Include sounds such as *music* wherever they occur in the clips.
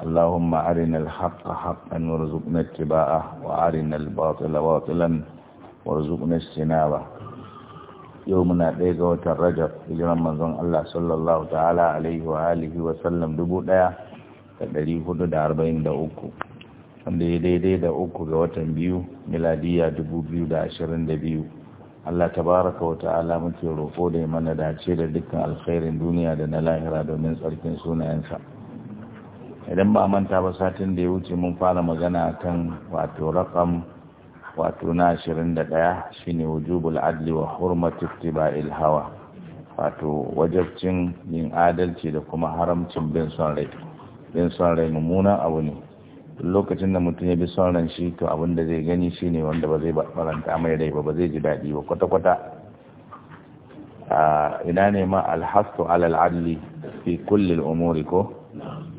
اللهم أرنا الحق حقا وارزقنا اتباعه وأرنا الباطل باطلا وارزقنا اجتنابه يومنا ديغا وتر رجب هجرا منزون الله صلى الله تعالى عليه وآله وسلم دبو دايا تدري هدو دا دا أوكو wanda daidai da uku ga watan biyu miladiya dubu biyu da ashirin da biyu Allah tabaraka wa ta'ala muke roƙo da mana dace da dukkan alkhairin duniya da na lahira domin tsarkin sunayensa. idan ba manta ba satin da ya wuce mun fara magana kan wato rakam wato na 21 shine wujubul adli wa hurmati ittiba'il hawa wato wajabcin yin adalci da kuma haramcin bin son rai bin son rai mummunan abu ne lokacin da mutum ya bi son ran shi to abin da zai gani shine wanda ba zai baranta mai rai ba ba zai ji daɗi ba kwata-kwata ah, ina ne ma alhastu alal adli fi kullil umuri ko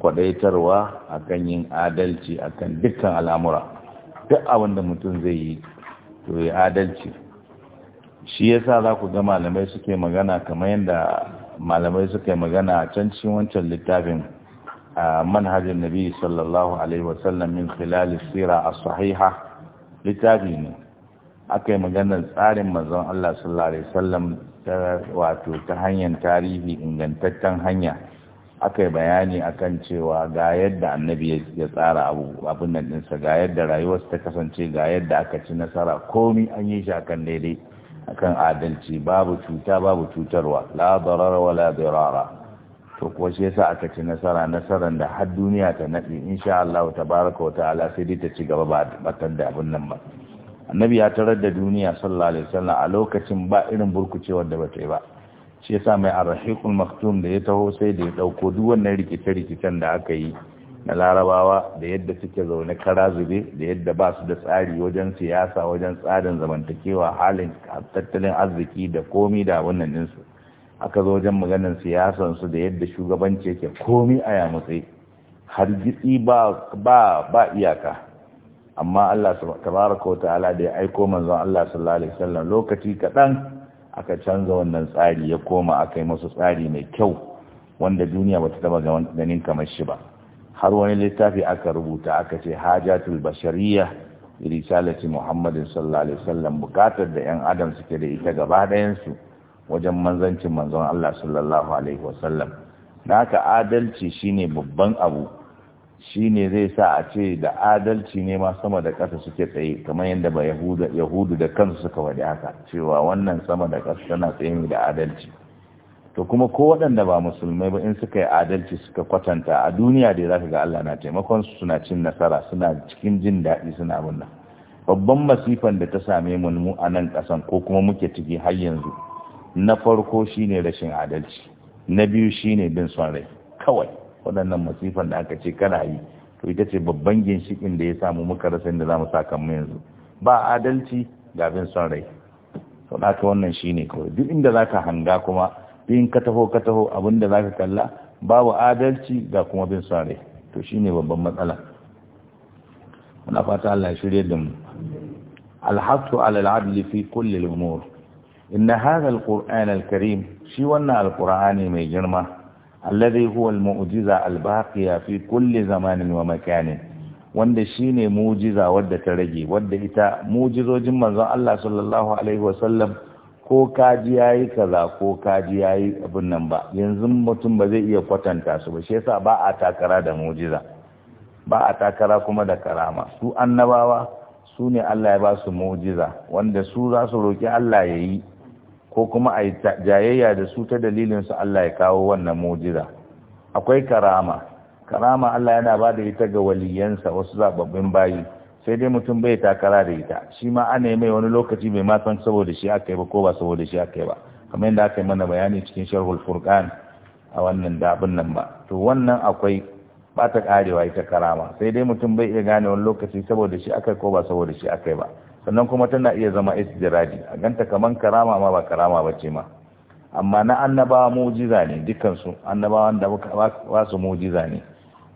kwadaitarwa a yin adalci a kan dukkan al'amura duk abin da mutum zai yi to ya adalci shi ya sa za ku ga malamai suke magana kamar yadda malamai suke magana a can cin wancan littafin a manhajar nabi sallallahu alaihi wasallam min khilali sira a sahiha littafi ne aka yi maganar tsarin mazan Allah sallallahu alaihi wasallam wato ta hanyar tarihi ingantaccen hanya aka yi bayani akan cewa ga yadda annabi ya tsara abin nan ɗinsa ga yadda rayuwarsa ta kasance ga yadda aka ci nasara komi an yi shi akan daidai akan adalci babu cuta babu cutarwa la darara wa dirara to kuwa shi yasa aka ci nasara nasaran da har duniya ta naɗi insha Allah baraka wa ta'ala sai dai ta ci gaba ba batar da abun nan ba annabi ya tarar da duniya sallallahu alaihi wasallam a lokacin ba irin burkucewar da bata yi ba shi yasa mai arrahiqul maktum da ya taho sai da ya dauko duk wannan rikice-rikicen da aka yi na larabawa da yadda suke zaune kara zube da yadda ba su da tsari wajen siyasa wajen tsarin zamantakewa halin tattalin arziki da komi da wannan ɗinsu aka zo wajen maganin siyasansu da yadda shugabanci yake komi a yamutse hargitsi ba ba iyaka amma Allah tabaraka da ya aiko manzon Allah sallallahu alaihi wasallam lokaci kaɗan aka canza wannan tsari ya koma aka yi masu tsari mai kyau wanda duniya bata taba ganin kamar shi ba har wani littafi aka rubuta aka ce hajatul bashariya risalati muhammadin sallallahu alaihi wasallam bukatar da yan adam suke da ita gaba ɗayan wajen manzancin manzon Allah sallallahu alaihi wasallam naka adalci shine babban abu shi ne zai sa a ce da adalci ne ma sama da ƙasa suke tsaye kamar yadda ba yahudu da kansu suka wadi haka cewa wannan sama da ƙasa tana tsaye ne da adalci to kuma ko waɗanda ba musulmai ba in suka yi adalci suka kwatanta a duniya dai za ka ga Allah na taimakon su suna cin nasara suna cikin jin daɗi suna abin nan babban masifan da ta same mu mu a nan ƙasan ko kuma muke ciki har yanzu na farko shine rashin adalci na biyu shine bin son rai kawai waɗannan masifan da aka ce kana yi to ita ce babban ginshikin da ya samu muka rasa inda za mu sa kanmu yanzu ba adalci ga bin son rai to ka wannan shine kawai duk inda ka hanga kuma in ka taho ka taho abinda ka kalla babu adalci ga kuma bin son rai to shine babban matsala muna fata Allah ya shirye da mu alhaqu ala al-adl fi kulli al-umur inna hadha al-qur'an al-karim shi wannan al-qur'ani mai girma alladhi huwa almu'jiza mujiza ya fi kulli zamanin wa makanin wanda shine mu'jiza wadda ta rage wadda ita mu'jizojin manzon Allah sallallahu alaihi sallam ko kaji yayi kaza ko kaji yayi abin nan ba yanzu mutum ba zai iya kwatanta su ba shi yasa ba a takara da mu'jiza ba a takara kuma da karama su annabawa su ne Allah ya ba su mu'jiza wanda su za su roki Allah ya yi ko kuma a yi jayayya da su ta dalilin su Allah ya kawo wannan mujiza akwai karama karama Allah yana ba da ita ga waliyansa wasu zababbin bayi sai dai mutum bai takara da ita shi ma ana yi mai wani lokaci mai matan saboda shi aka yi ba ko ba saboda shi aka yi ba kamar yadda aka yi mana bayani cikin sharhul furqan a wannan dabin nan ba to wannan akwai ba ta karewa ita karama sai dai mutum bai iya gane wani lokaci saboda shi aka ko ba saboda shi aka yi ba sannan kuma tana iya zama istiradi a ganta kaman karama ma ba karama ba ce ma amma na annabawa mujiza ne dukansu annabawan da ba su mujiza ne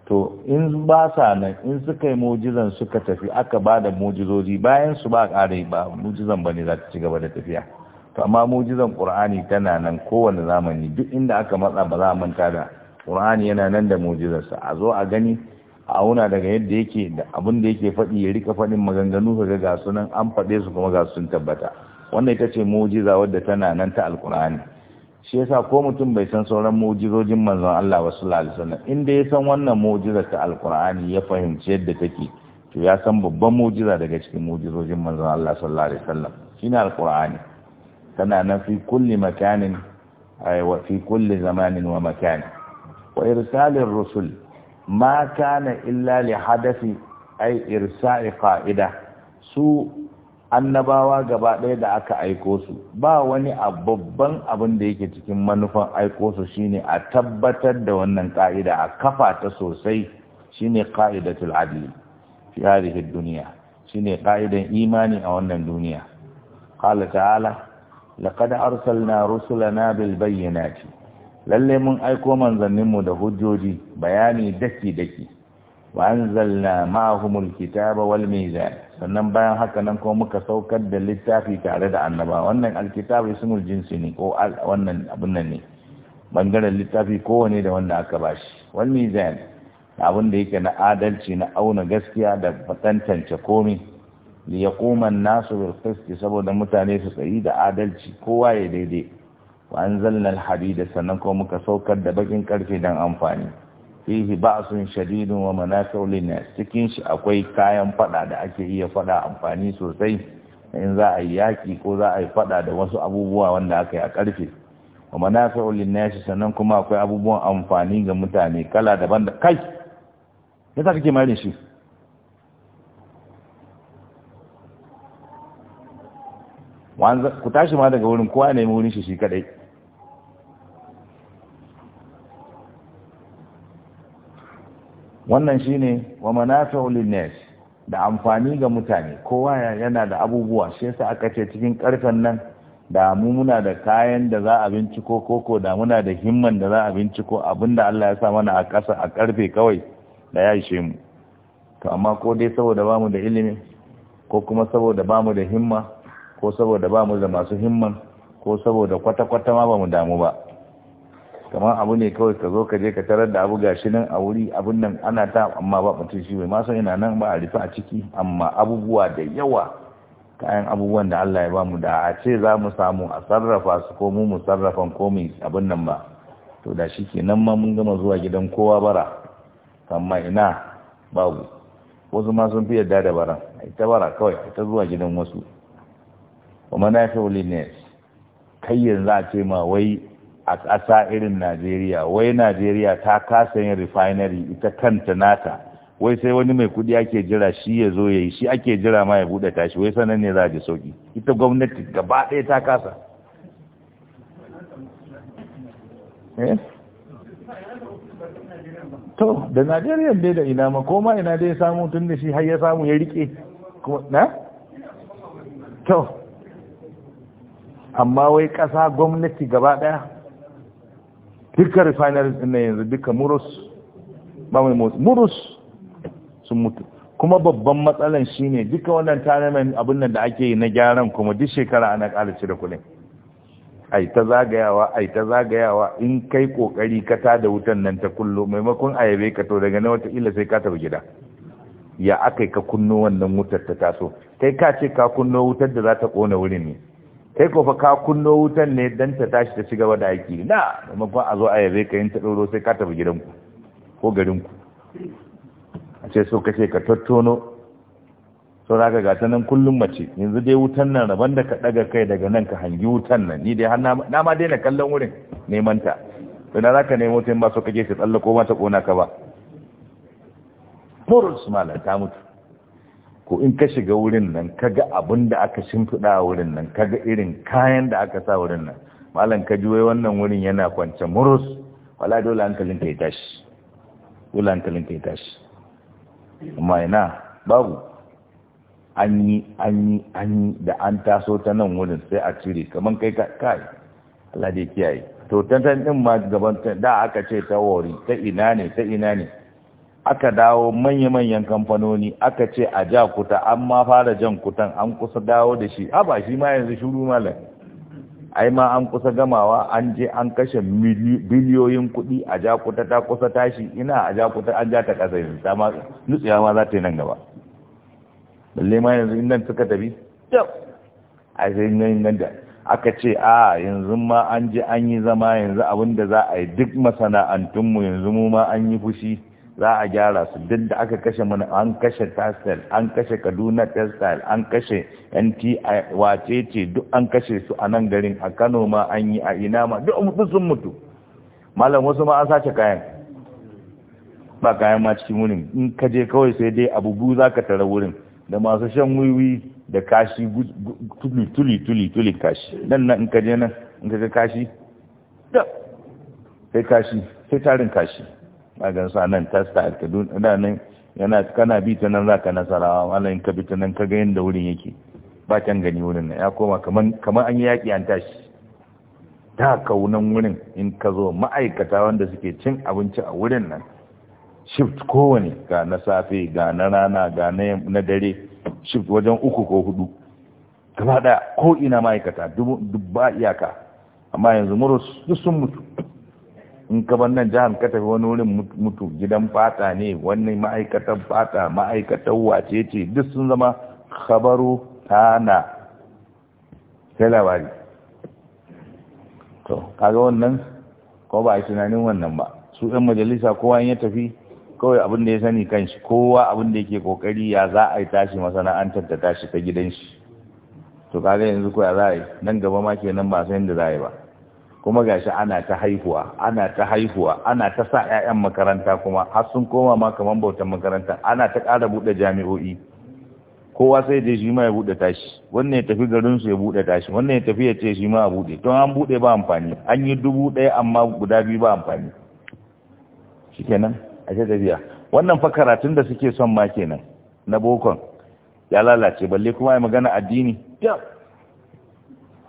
to in ba sa nan in suka yi mujizan suka tafi aka ba da mujizoji bayan su ba ƙarai ba mujizan ba ne za ta ci gaba da tafiya to amma mujizan ƙur'ani tana nan kowane zamani duk inda aka matsa ba za a manta da ƙur'ani yana nan da mujizarsa a zo a gani a auna daga yadda yake da abin da yake faɗi ya rika faɗin maganganu ka ga gasu nan an faɗe su kuma ga sun tabbata wannan ita ce mujiza wadda tana nan ta alkur'ani shi yasa ko mutum bai san sauran mujizojin manzon Allah wa sallallahu alaihi wasallam inda ya san wannan mujiza ta alkur'ani ya fahimci yadda take to ya san babban mujiza daga cikin mujizojin manzon Allah sallallahu alaihi wasallam shine alkur'ani tana nan fi kulli makanin wa fi kulli zamanin wa makan wa irsalir rusul ma kana illa li hadafi ai irsa'i qa'ida su annabawa gaba ɗaya da aka aiko su ba wani babban abin da yake cikin manufan aiko su shine a tabbatar da wannan ka'ida a kafa ta sosai shine qa'idatul adl fi hadhihi dunya shine qa'idan imani a wannan duniya qala ta'ala laqad arsalna rusulana bil bayyinati lalle mun aiko manzanninmu da hujjoji bayani daki-daki wa anzalna ma'ahumul kitaba wal mizan sannan bayan haka nan kuma muka saukar da littafi tare da annaba wannan alkitabu ismul jinsi ne ko wannan abun nan ne bangaren littafi kowane da wanda aka bashi wal mizan abun da yake na adalci na auna gaskiya da tantance komai li yaquma an-nasu bil qist saboda mutane su tsayi da adalci kowa ya daidai wa anzalna al-hadida sannan kuma muka saukar da bakin karfe dan amfani fihi ba'sun shadidun wa manafi'u lin cikin shi akwai kayan fada da ake iya fada amfani sosai in za a yi yaƙi ko za a yi fada da wasu abubuwa wanda aka yi a karfe wa manafi'u na shi sannan kuma akwai abubuwan amfani ga mutane kala daban da kai yasa kake mare shi ku tashi ma daga wurin kowa nemi wurin shi shi kadai wannan shi ne wa manafi'u linnas da amfani ga mutane kowa yana da abubuwa shi yasa aka ce cikin karfen nan da mu muna da kayan da za a binciko koko da muna da himman da za a binciko abinda Allah ya sa mana a ƙasa a ƙarfe kawai da ya ishe mu to amma ko dai saboda bamu da ilimi ko kuma saboda bamu da himma ko saboda ba mu da masu himman ko saboda kwata-kwata ma ba mu damu ba kamar abu ne kawai ka zo ka je ka tarar da abu gashi nan a wuri abun nan ana ta amma ba mutum shi mai masu ina nan ba a rufe a ciki amma abubuwa da yawa kayan abubuwan da Allah ya ba mu da a ce za mu samu a sarrafa su ko mu mu sarrafan komai abin nan ba to da shi ke nan ma mun gama zuwa gidan kowa bara amma ina babu wasu ma sun fi yadda da baran ita bara kawai ta zuwa gidan wasu wa manafi'u linnas kai yanzu a ce ma wai a ƙasa irin Najeriya wai Najeriya ta kasa yin refinery ita kanta nata wai sai wani mai kudi ake jira shi ya zo ya yi shi ake jira ma ya buɗe tashi wai sanan ne za a ji sauki ita gwamnati gaba ɗaya ta kasa eh? to da najeriya dai da ina ma koma ina dai samu tun da shi har ya samu ya rike na to amma wai ƙasa gwamnati gaba ɗaya duka refineries ɗin yanzu duka murus ba mai murus sun mutu kuma babban matsalan shine duka wannan tanamin abin nan da ake yi na gyaran kuma duk shekara ana ƙara cire kuɗin ai ta zagayawa ai ta zagayawa in kai kokari ka ta da wutan nan ta kullo maimakon ayabe ka to daga na wata illa sai ka tafi gida ya akai ka kunno wannan wutar ta taso kai ka ce ka kunno wutar da za ta kona wurin ne kai ko fa ka kunno wutan ne dan ta tashi ta ci gaba da aiki na maimakon a zo a yabe ka yin ta ɗoro sai ka tafi gidanku ko garinku a ce so kace ka tattono so da ga ta nan kullum mace yanzu dai wutan nan rabon da ka ɗaga kai daga nan ka hangi wutan nan ni dai na ma daina kallon wurin neman ta na za ka nemo ta ba so kake ka tsallako mata ƙona ka ba Morus malam ta mutu ko in ka shiga wurin nan ka ga abin da aka shimfiɗa a wurin nan ka ga irin kayan da aka sa wurin nan malam ka ji wai wannan wurin yana kwance murus wala dole hankalin ka ya tashi dole hankalin ka ya tashi amma ina babu an yi an yi an yi da an taso ta nan wurin sai a cire kamar kai kai Allah dai kiyaye to tantan din ma gaban da aka ce ta wori ta ina ne ta ina ne aka dawo manya-manyan kamfanoni aka ce a ja kuta an ma fara jan kutan an kusa dawo da shi haba shi ma yanzu shuru malam ai ma an kusa gamawa an je an kashe biliyoyin kuɗi a ja kuta ta kusa tashi ina a ja kuta an ja ta ƙasa yanzu ta ma nutsiya ma za ta yi nan gaba balle ma yanzu inda suka tafi yau a sai nan da aka ce a yanzu ma an je an yi zama yanzu abin da za a yi duk masana'antunmu yanzu mu ma an yi fushi za a gyara su duk da aka kashe mana an kashe tastel an kashe kaduna textile an kashe nti wacece duk an kashe su a nan garin a kano ma an yi a ina ma duk mutu sun mutu malam wasu ma an sace kayan ba kayan ma cikin wurin in ka je kawai sai dai abubu za ka tara wurin da masu shan wiwi da kashi tuli tuli tuli tuli kashi nan nan in ka je nan in ka ga kashi sai kashi sai tarin kashi magan sa nan sa a kaduna nan yana kana bi ta nan za ka nasarawa in ka bi ta nan ka ga yanda wurin yake ba can gani wurin nan ya koma kaman an yi yaƙi an tashi ta kaunan wurin in ka zo ma'aikata wanda suke cin abinci a wurin nan shift kowane ga na safe ga na rana ga na dare shift wajen uku ko hudu gaba ɗaya ko ina ma'aikata dubba iyaka amma yanzu murus duk sun mutu in ka bar nan jihar ka tafi wani wurin mutu gidan fata ne wani ma'aikatan fata ma'aikatan wace ce duk sun zama khabaru tana sai labari to kaga wannan ko ba a tunanin wannan ba su ɗan majalisa kowa ya tafi kawai abin da ya sani kanshi kowa abin da yake kokari ya za a yi tashi masana'antar ta tashi ta gidan shi to kaga yanzu ko ya za a yi nan gaba ma kenan ba san yadda za a yi ba kuma gashi ana ta haihuwa ana ta haihuwa ana ta sa 'ya'yan makaranta kuma har sun koma ma kaman bautan makaranta ana ta ƙara buɗe jami'o'i kowa sai je shi ma ya buɗe tashi wannan ya tafi garin su ya buɗe tashi wannan ya tafi ya ce shi ma a buɗe to an buɗe ba amfani an yi dubu ɗaya amma guda biyu ba amfani shikenan a ce tafiya wannan fa karatun da suke son ma kenan na bokon ya lalace balle kuma ya magana addini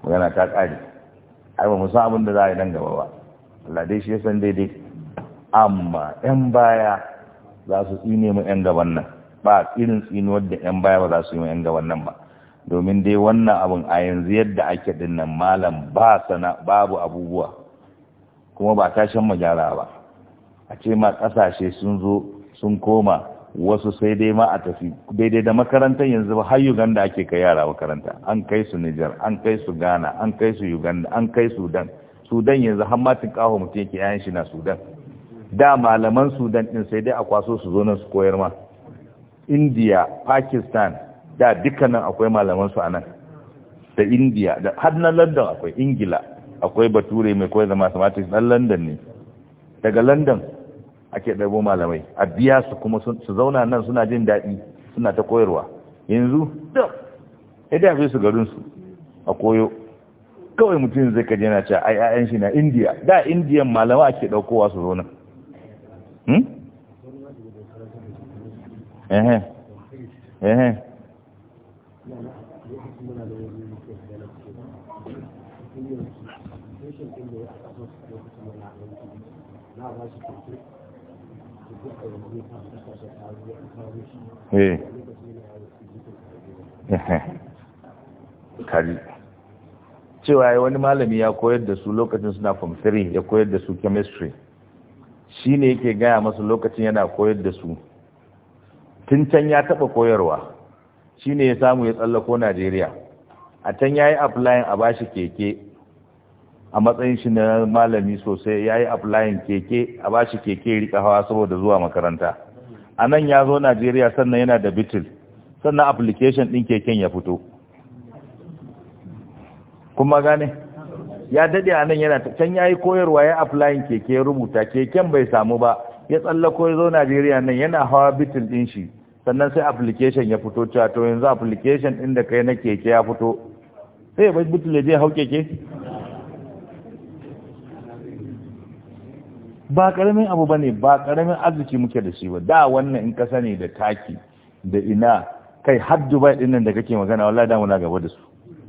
magana ta ƙare ai ba mu san abin da za a yi nan gaba ba Allah dai shi ya san daidai amma yan baya za su tsine mu yan gaban nan ba irin tsinuwar da yan baya ba za su yi mu yan gaban nan ba domin dai wannan abin a yanzu yadda ake dinnan malam ba sana babu abubuwa kuma ba tashin gyara ba a ce ma kasashe sun zo sun koma wasu sai dai ma a tafi daidai da makarantar yanzu ba har Uganda ake kai yara makaranta an kai su niger an kai su Ghana an kai su Uganda an kai Sudan Sudan yanzu har matin kawo mutum yake yayan shi na Sudan da malaman Sudan din sai dai a kwaso su zo nan su koyar ma India Pakistan da dukkanin akwai malaman su anan da India da har na London akwai Ingila akwai Bature mai koyar da mathematics dan London ne daga London ake ɗaibo malamai a biya su kuma su zauna nan suna jin daɗi suna ta koyarwa yanzu ya dafe su garinsu a koyo kawai mutum zai kaji yana cewa a ayan shi na indiya da indiyan malama ake ɗaukowa su zauna hmm? ehe ehe Thank Eh. kari cewa ya wani malami ya koyar da su lokacin suna form 3 ya koyar da su chemistry shi ne yake gaya masu lokacin yana koyar da su tun can ya taɓa koyarwa shi ne ya samu ya tsallako najeriya a can ya yi applying a bashi keke a matsayin shi na malami sosai ya yi applying keke a ba shi keke rika hawa saboda zuwa makaranta a nan ya zo najeriya sannan yana da bitil sannan application ɗin keken ya fito kuma gane ya daɗe a nan yana can ya yi koyarwa ya applying keke ya rubuta keken bai samu ba ya tsallako ya zo najeriya nan yana hawa bitil ɗin shi sannan sai application ya fito cewa to yanzu application ɗin da kai na keke ya fito sai ya bai bitil ya je hau keke ba karamin abu bane ba karamin arziki muke da shi ba da wannan in ka ne da taki da ina kai har Dubai din nan da kake magana wallahi da muna gaba da su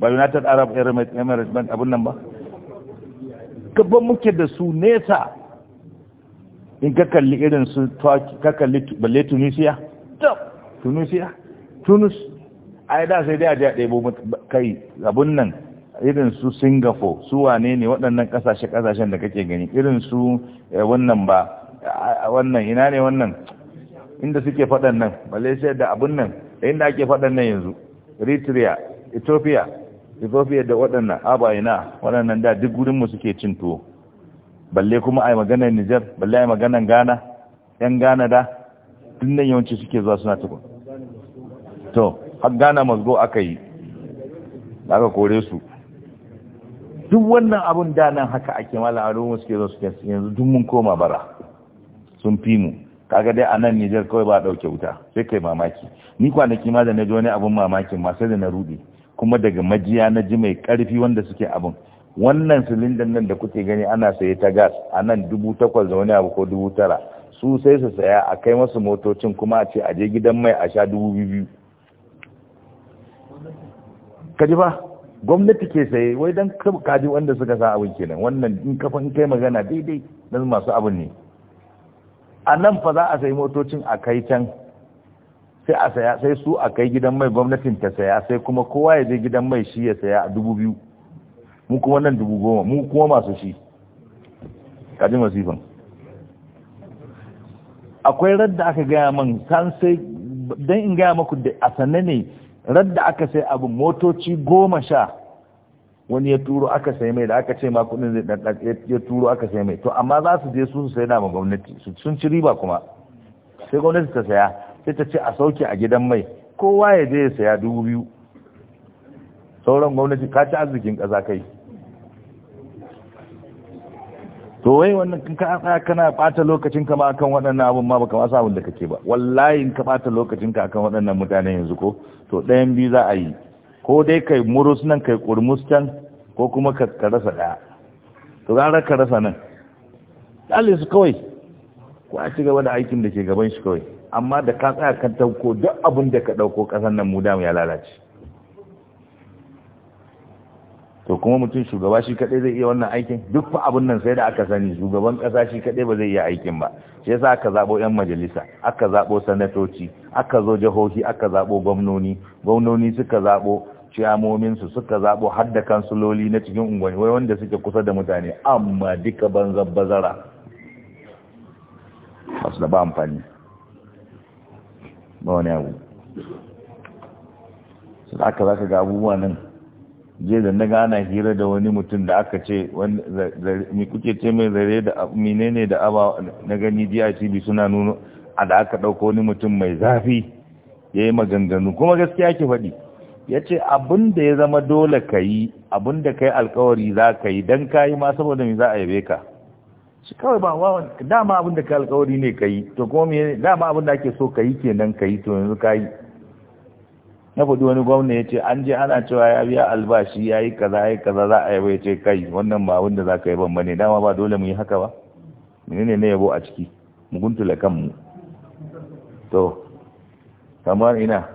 ba United Arab Emirates ban abun nan ba gaban muke da su nesa in ka kalli irin su ka kalli balle Tunisia Tunisia Tunus ai da sai dai a je a ɗebo kai abun nan irin su singapore su wane ne waɗannan ƙasashe-ƙasashen da kake gani irin su eh, wannan ba wannan ina ne wannan inda suke faɗan nan malaysia da abun nan da inda ake faɗan nan yanzu eritrea ethiopia ethiopia da waɗannan abayina waɗannan da duk gudunmu suke cin tuwo balle kuma a yi maganar niger balle a yi maganar ghana yan ghana da tun nan yawanci suke zuwa suna tukun to har ghana mazgo aka yi aka kore su duk wannan abun da nan haka ake mala a ruwan suke zo suke yanzu duk mun koma bara sun fi mu kaga dai anan nan Nijar kawai ba dauke wuta sai kai mamaki ni kwanaki ma da na ji wani abin mamakin ma sai da na rude kuma daga majiya na ji mai karfi wanda suke abun wannan silindan nan da kuke gani ana saye ta gas a nan dubu takwas da wani abu ko dubu tara su sai su saya a kai masu motocin kuma a ce a je gidan mai a sha dubu biyu kaji ba gwamnati ke saye wai dan kaji wanda suka sa abin kenan wannan in kafan kai magana daidai dan masu abin ne a nan fa za a sayi motocin a kai can sai a saya sai su a kai gidan mai gwamnatin ta saya sai kuma kowa ya je gidan mai shi ya saya a dubu biyu mu kuma nan dubu goma mu kuma masu shi kaji masifan akwai radda aka gaya man san sai dan in gaya maku da a sane ne radda aka sai abin motoci goma sha wani ya turo aka sai mai da aka ce ma kudin zai dan ya turo aka sai mai to amma za su je su sai da ma gwamnati sun ci riba kuma sai gwamnati ta saya sai ta ce a sauke a gidan mai kowa ya je ya saya dubu biyu sauran gwamnati ka ci arzikin ƙasa kai to wai wannan kan ka tsaya kana bata lokacin ka ma akan waɗannan abun ma baka wasa abun da kake ba wallahi in ka bata lokacin ka akan waɗannan mutane yanzu ko to ɗayan biyu za a yi ko dai kai murus nan kai kurmus can ko kuma ka rasa ɗaya to gara ka rasa nan ɗalin su kawai ko a ci gaba da aikin da ke gaban shi kawai amma da ka tsaya kan tauko duk abin da ka ɗauko ƙasar nan mu damu ya lalace to kuma mutum shugaba shi kadai zai iya wannan aikin duk fa abun nan sai da aka sani shugaban kasa shi kadai ba zai iya aikin ba shi yasa aka zabo yan majalisa aka zabo sanatoci aka zo jihohi aka zabo gwamnoni gwamnoni suka zabo ciyamomin su suka zabo har da kansuloli na cikin unguwanni wai wanda suke kusa da mutane amma duka banza bazara wasu da ba amfani ba wani abu sai aka zaka ga abubuwa nan je da na ana hira da wani mutum da aka ce mai kuke ce mai zare da menene da aba na gani DITB suna nuno a da aka ɗauko wani mutum mai zafi ya yi maganganu kuma gaskiya ki faɗi ya ce abin da ya zama dole ka yi abin da ka yi alkawari za ka yi don ka yi ma saboda mai za a yabe ka shi kawai ba wawan dama abin da ka alkawari ne ka yi to kuma dama abin da ake so ka yi kenan ka yi to yanzu ka yi na faɗi wani gwamna ya ce an je ana cewa ya biya albashi ya yi kaza ya yi kaza za a yaba ya ce kai wannan ba wanda za ka yi ban bane dama ba dole mu yi haka ba menene ne yabo a ciki mu guntula kanmu to kamar ina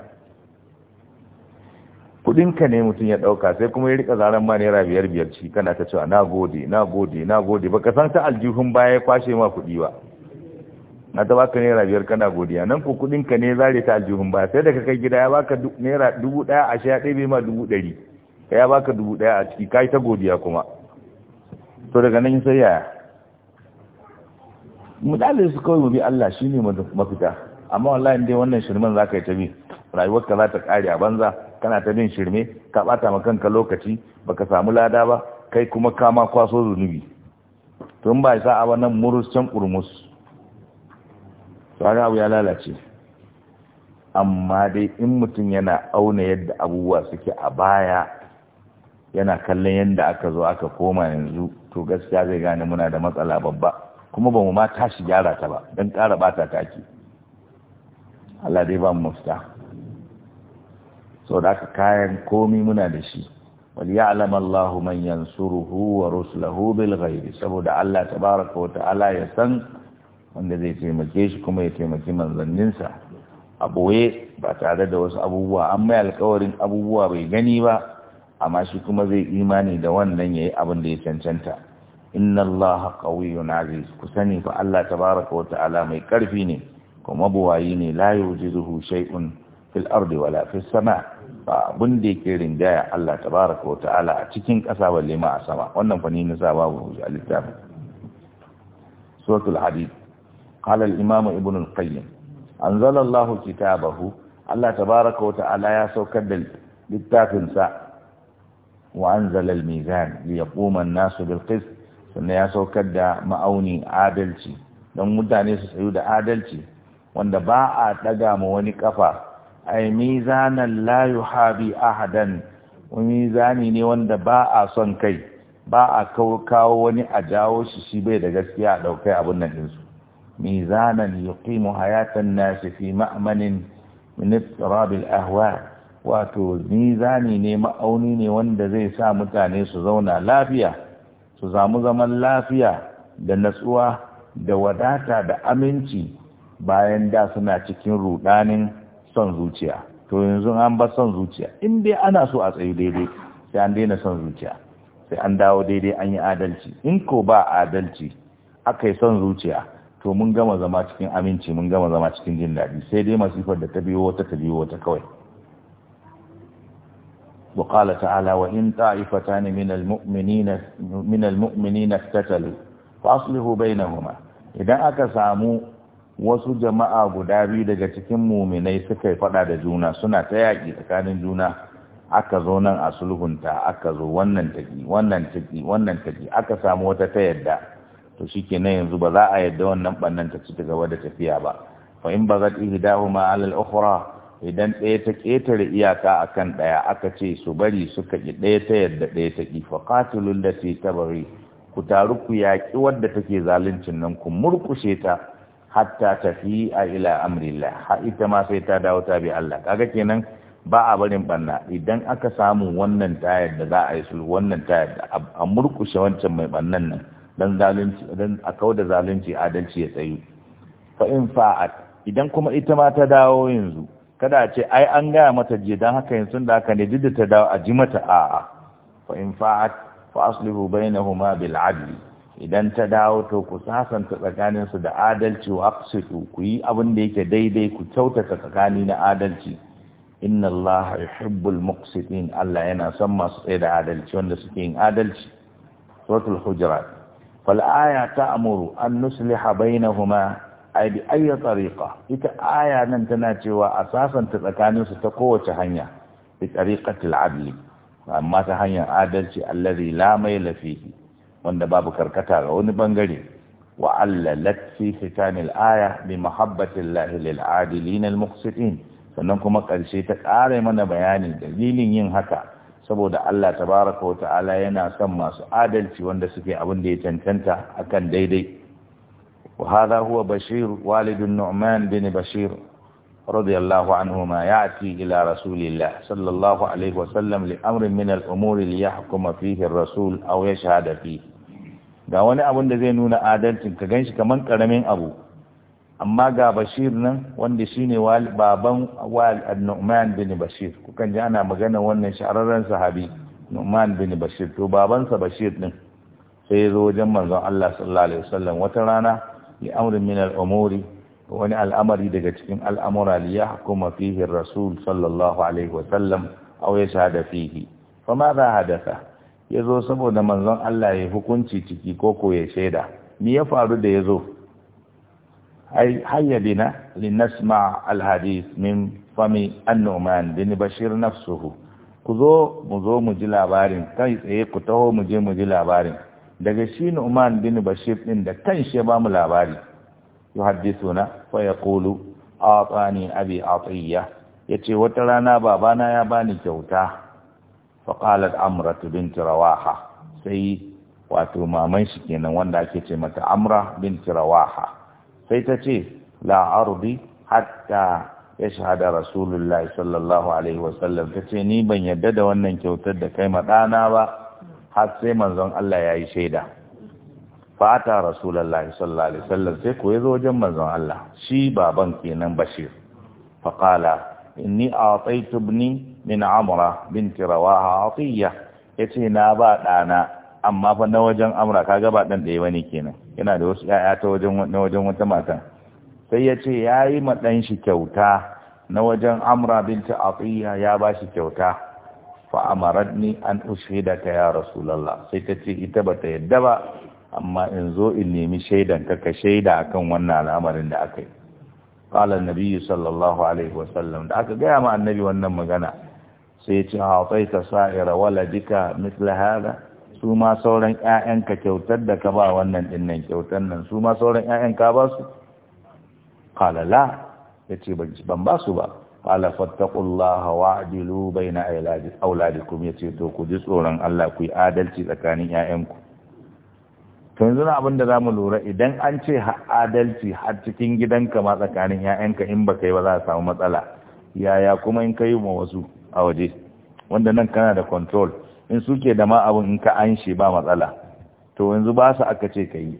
ka ne mutum ya ɗauka sai kuma ya rika zaren ma naira biyar biyar ciki kana ta cewa na gode na gode na gode baka san ta aljihun baya ya kwashe ma kuɗi ba na ta baka naira biyar kana godiya nan ko kudin ka ne zare ta aljihun ba sai da ka kai gida ya baka naira dubu daya a sha ɗaya bai ma dubu ɗari ya baka dubu daya a ciki kai ta godiya kuma to daga nan sai yaya mu dalilin su kawai mu bi Allah ne mafita amma wallahi dai wannan shirman zaka yi ta bi rayuwar ka za ta kare a banza kana ta bin shirme ka bata ma kanka lokaci baka samu lada ba kai kuma kama kwaso zunubi tun ba sa'a ba nan murus can kurmus to abu ya lalace amma dai in mutum yana auna yadda abubuwa suke a baya yana kallon yadda aka zo aka koma yanzu to gaskiya zai gane muna da matsala babba kuma ba mu ma tashi gyara ta ba don ƙara bata ta Allah dai ba mu mafita sau da aka kayan komi muna da shi manyan وليعلم الله من saboda Allah ta baraka wata ala ya san. wanda zai taimake shi kuma ya taimaki manzanninsa a boye ba tare da wasu abubuwa an mai alkawarin abubuwa bai gani ba amma shi kuma zai imani da wannan yayi abin da ya cancanta inna allaha qawiyyun aziz ku sani fa Allah tabaraka wa ta'ala mai karfi ne kuma buwayi ne la yujizuhu shay'un fil ardi wala fis sama ba abin da yake rinjaya Allah tabaraka wa ta'ala a cikin ƙasa balle ma a sama wannan fa na sa babu a littafin suratul hadid قال الإمام ابن القيم أنزل الله كتابه الله تبارك وتعالى يا سوكد للتافنسا وأنزل الميزان ليقوم الناس بالقسط sannan ya saukar da ma'auni adalci don mutane su tsayu da adalci wanda ba a ɗaga ma wani ƙafa ai mizanan la yuhabi ahadan zani ne wanda ba a son kai ba a kawo wani a jawo shi shi bai da gaskiya a ɗaukai abin nan ɗinsu ميزانا يقيم حياة الناس في مأمن من اضطراب الأهواء wato mizani ne ma'auni ne wanda zai sa mutane su zauna lafiya su zamu zaman lafiya da natsuwa da wadata da aminci bayan da suna cikin rudanin son zuciya to yanzu an ba son zuciya in dai ana so a tsayi daidai sai an daina son zuciya sai an dawo daidai an yi adalci in ko ba adalci akayi son zuciya to mun gama zama cikin aminci mun gama zama cikin jin daɗi sai dai masifar da ta biyo wata ta biyo wata kawai وقال تعالى وإن طائفتان من المؤمنين من المؤمنين اقتتلوا فأصلحوا بينهما idan aka samu wasu jama'a guda biyu daga cikin muminai suka yi fada da juna suna ta yaki tsakanin juna aka zo nan a sulhunta aka zo wannan taki wannan wannan aka samu wata ta yadda to shikenan yanzu ba za a yadda wannan bannan ta ci ta gaba da tafiya ba fa in bagat ihdahuma ala al idan ɗaya ta ƙetare iyaka a kan ɗaya aka ce su bari suka ƙi ɗaya ta yadda ɗaya ta ƙi fa qatilul lati tabari ku taru ku yaƙi wadda take zaluncin nan ku murkushe ta hatta tafi a ila amrillah har ita ma sai ta dawo ta bi Allah kaga kenan ba a barin banna idan aka samu wannan tayar da za a yi sulhu wannan tayar da a murkushe wancan mai bannan nan dan zalunci dan a kauda zalunci adalci ya tsayu fa in idan kuma ita ma ta dawo yanzu kada a ce ai an gaya mata jiya dan haka yanzu da haka ne duk ta dawo a ji mata a'a fa in fa'at fa aslihu bainahuma bil adl idan ta dawo to ku sasanta tsakaninsu da adalci wa aqsitu ku yi abin da yake daidai ku kyautata tsakani na adalci inna Allah yuhibbul muqsitin Allah yana son masu tsaye da adalci wanda suke yin adalci suratul hujurat fal'aya ta amuru an nusliha bainahuma ay bi ayi tariqa ita aya nan tana cewa a sasanta tsakaninsu ta kowace hanya bi tariqatil adli amma ta hanyar adalci allazi la mayla fihi wanda babu karkata ga wani bangare wa allalat fi hitanil aya bi mahabbatillahi lil adilin al muqsitin sannan kuma ƙarshe ta ƙara mana bayani dalilin yin haka saboda Allah tabaraka wa ta'ala yana son masu adalci wanda suke abin da ya cancanta akan daidai wa hadha huwa bashir walidun nu'man bin bashir radiyallahu anhuma ya'ti ila rasulillah sallallahu alaihi wa sallam li amrin min al-umur li yahkuma fihi ar-rasul aw yashhada fihi ga wani abin da zai nuna adalcin ka ganshi kaman karamin abu amma ga bashir nan wanda shine baban wal nu'man bin bashir kukan ji ana magana wannan shahararren sahabi nu'man bin bashir to babansa bashir din sai ya zo wajen manzon Allah sallallahu alaihi wasallam wata rana li amrin min al-umuri wani al'amari daga cikin al'amura li yahkuma fihi rasul sallallahu alaihi wasallam aw yashhada fihi fa ma za hadatha yazo saboda manzon Allah ya hukunci ciki ko ko ya shaida me ya faru da yazo أي حي بنا لنسمع الحديث من فم النعمان بن بشير نفسه كذو مذو مجلا بارين كيس إيه كتهو مجي مجلا بارين daga shi Nu'man bin Bashir ɗin da kanshi ya bamu labari yuhaddithuna fa yaqulu atani abi atiya yace wata rana babana ya bani kyauta Faƙalar Amrat amratu sai wato maman shi kenan wanda ake ce mata amra bint rawaha sai ta ce la hatta ya shahada rasulullahi sallallahu alaihi wasallam ta ce ni ban yadda da wannan kyautar da kai maɗana ba har sai manzon Allah ya yi shaida fata rasulullahi sallallahu alaihi wasallam sai ko ya zo wajen manzon Allah shi baban kenan bashir faƙala inni a tsaitubni min amura binti rawaha a ya ce na ba ɗana amma fa na wajen amra ka gaba ɗan ɗaya wani kenan yana da wasu 'ya'ya ta wajen na wajen wata matan sai ya ce yayi ma dan shi kyauta na wajen amra binti atiya ya ba shi kyauta fa amaratni an ka ya rasulullah sai ta ce ita bata yadda ba amma in zo in nemi shaidan ka ka shaida akan wannan al'amarin da aka yi qala an-nabi sallallahu alaihi wasallam da aka gaya ma annabi wannan magana sai ya ce ha'taita sa'ira waladika mithla hada su ma sauran ‘ya'yanka kyautar da ka ba wannan ɗinnan kyautar nan su ma sauran ‘ya'yanka ba su? Kalala ya ce ban ba su ba, kala fattakullaha wa adilu bai na auladikum ya ce to ku ji tsoron Allah ku yi adalci tsakanin ‘ya'yanku. To yanzu na abin da za mu lura idan an ce adalci har cikin gidanka ma tsakanin ‘ya'yanka in ba kai ba za a samu matsala, yaya kuma in ka yi ma wasu a waje, wanda nan kana da control. in suke da ma abin in ka an ba matsala to yanzu ba su aka ce ka yi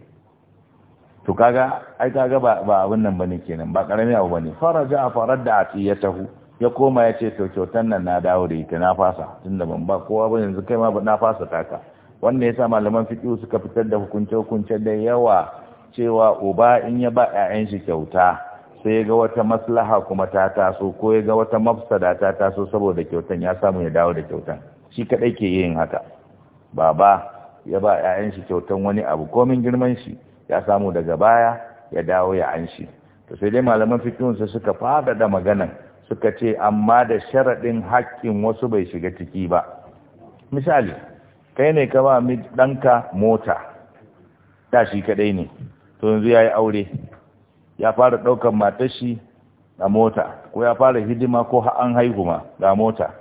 to kaga ai kaga ba abin nan bane kenan ba karami abu bane faraja farar da atiyatahu ya koma ya ce to kyautan nan na dawo da ita na fasa tunda ban ba kowa ba yanzu kai ma na fasa taka wanda yasa malaman fiqh suka fitar da hukunce hukunce da yawa cewa uba in ya ba ƴaƴan shi kyauta sai ga wata maslaha kuma ta taso ko ya ga wata mafsada ta taso saboda kyautan ya samu ya dawo da kyautan shi kaɗai ke yin haka baba ya ba yayan shi kyautan wani abu komin girman shi ya samu daga baya ya dawo ya an shi to sai dai malaman fikihun suka suka da maganan suka ce amma da sharaɗin haƙƙin wasu bai shiga ciki ba misali kai ne ka ba ɗanka mota da shi kaɗai ne to yanzu ya yi aure ya fara ɗaukar matashi shi a mota ko ya fara hidima ko an haihu ma ga mota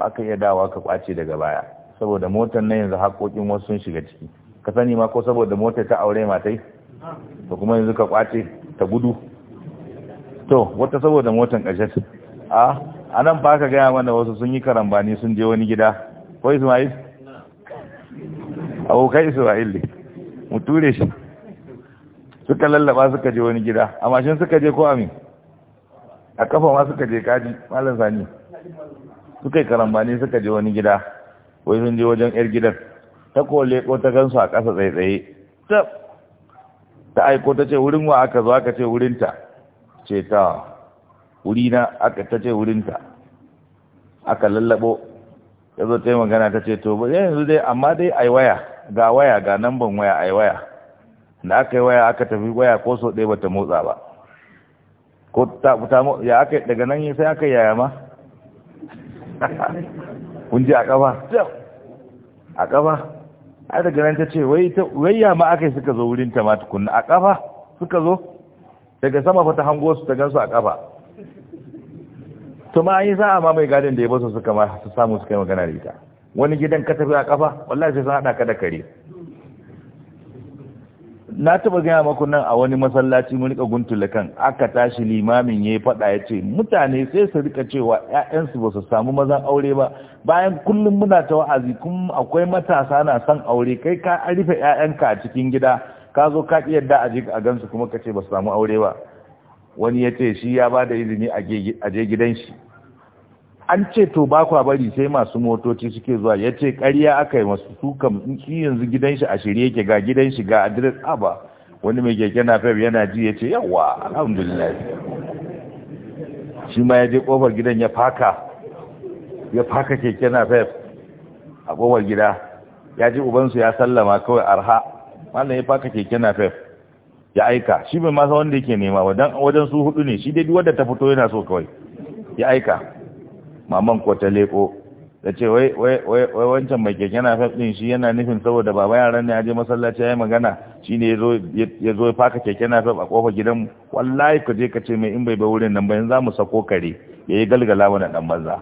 ba ka iya dawa ka kwace daga baya saboda motar na yanzu haƙoƙin wasu sun shiga ciki ka sani ma ko saboda motar ta aure matai to kuma yanzu ka kwace ta gudu to wata saboda motar ƙarshe a anan ba ka gaya mana wasu sun yi karambani sun je wani gida ko ismail kai Isma'il ne mu ture shi suka lallaba suka je wani gida a mashin suka je ko amin a kafa ma suka je kaji malam sani suka yi karambani suka je wani gida wai sun je wajen yar gidan ta kole ko ta gansu a ƙasa tsaitsaye ta aiko ta ce wurin wa aka zo aka ce wurinta ce ta wurina aka ta ce wurinta aka lallabo ya zo ta yi magana ta ce to ba yanzu dai amma dai ai waya ga waya ga namban waya ai waya da aka yi waya aka tafi waya ko so ɗaya bata motsa ba ko ta ya aka daga nan sai aka yaya ma *laughs* kun a kafa a kafa a daga nan ta ce wai ya ma aka suka zo wurin ta ma a kafa suka zo daga sama fa ta hango su ta gansu a kafa to ma an yi sa'a ma mai gadin da ya basu suka ma su samu suka yi magana da ita wani gidan ka tafi a ƙafa? wallahi sai sun hada ka da kare na taba gaya maku nan a wani masallaci mun rika guntula kan aka tashi limamin yayi faɗa ya ce mutane sai su rika cewa ƴaƴansu ba su samu mazan aure ba bayan kullum muna ta wa'azi kun akwai matasa na son aure kai ka rufe ƴaƴanka a cikin gida ka zo ka ki yadda a je a gansu kuma ka ce ba su samu aure ba wani ya ce shi ya ba da izini a je gidan shi an ce to ba kwa bari sai masu motoci suke zuwa ya ce ƙarya aka yi masu sukan in yanzu gidan shi a shirye yake ga gidan shi ga adres a ba wani mai keke na fef yana ji ya ce yawa alhamdulillah shi ma ya je ƙofar gidan ya faka ya faka keke na fef a ƙofar gida ya ji ubansu ya sallama kawai arha wannan ya faka keke na fef ya aika shi bai masa wanda yake nema wajen su hudu ne shi dai duk ta fito yana so kawai ya aika maman ko ta leko da ce wai wancan mai keke na ɗin shi yana nufin saboda baba yaran ne ya je masallaci ya yi magana ya zo ya zo ya faka keke na a kofar gidan wallahi ka je ka ce mai in bai bai wurin nan bayan za mu sako kare ya galgala wani ɗan banza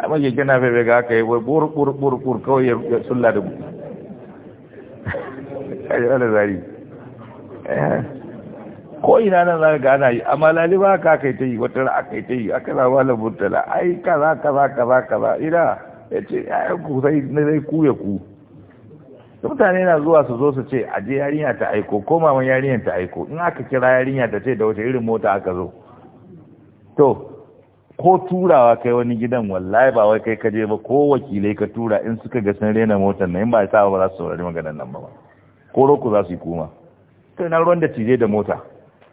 a mai keke na ga haka yi wai bur bur bur bur kawai ya sulla da *laughs* zari ko ina nan za ga ana yi amma laliba ka kai ta yi wata ra'a kai ta yi aka na wala murtala ai kaza kaza kaza kaza ina ya ce ayan ku sai na zai ku ya ku mutane na zuwa su zo su ce a je yarinya ta aiko ko maman yarinya ta aiko in aka kira yarinya ta ce da wata irin mota aka zo to ko turawa kai wani gidan wallahi ba wai kai ka je ba ko wakilai ka tura in suka ga sun rena motar nan in ba sa ba za su saurari maganar nan ba ko roku za su yi kuma to na ruwan da cije da mota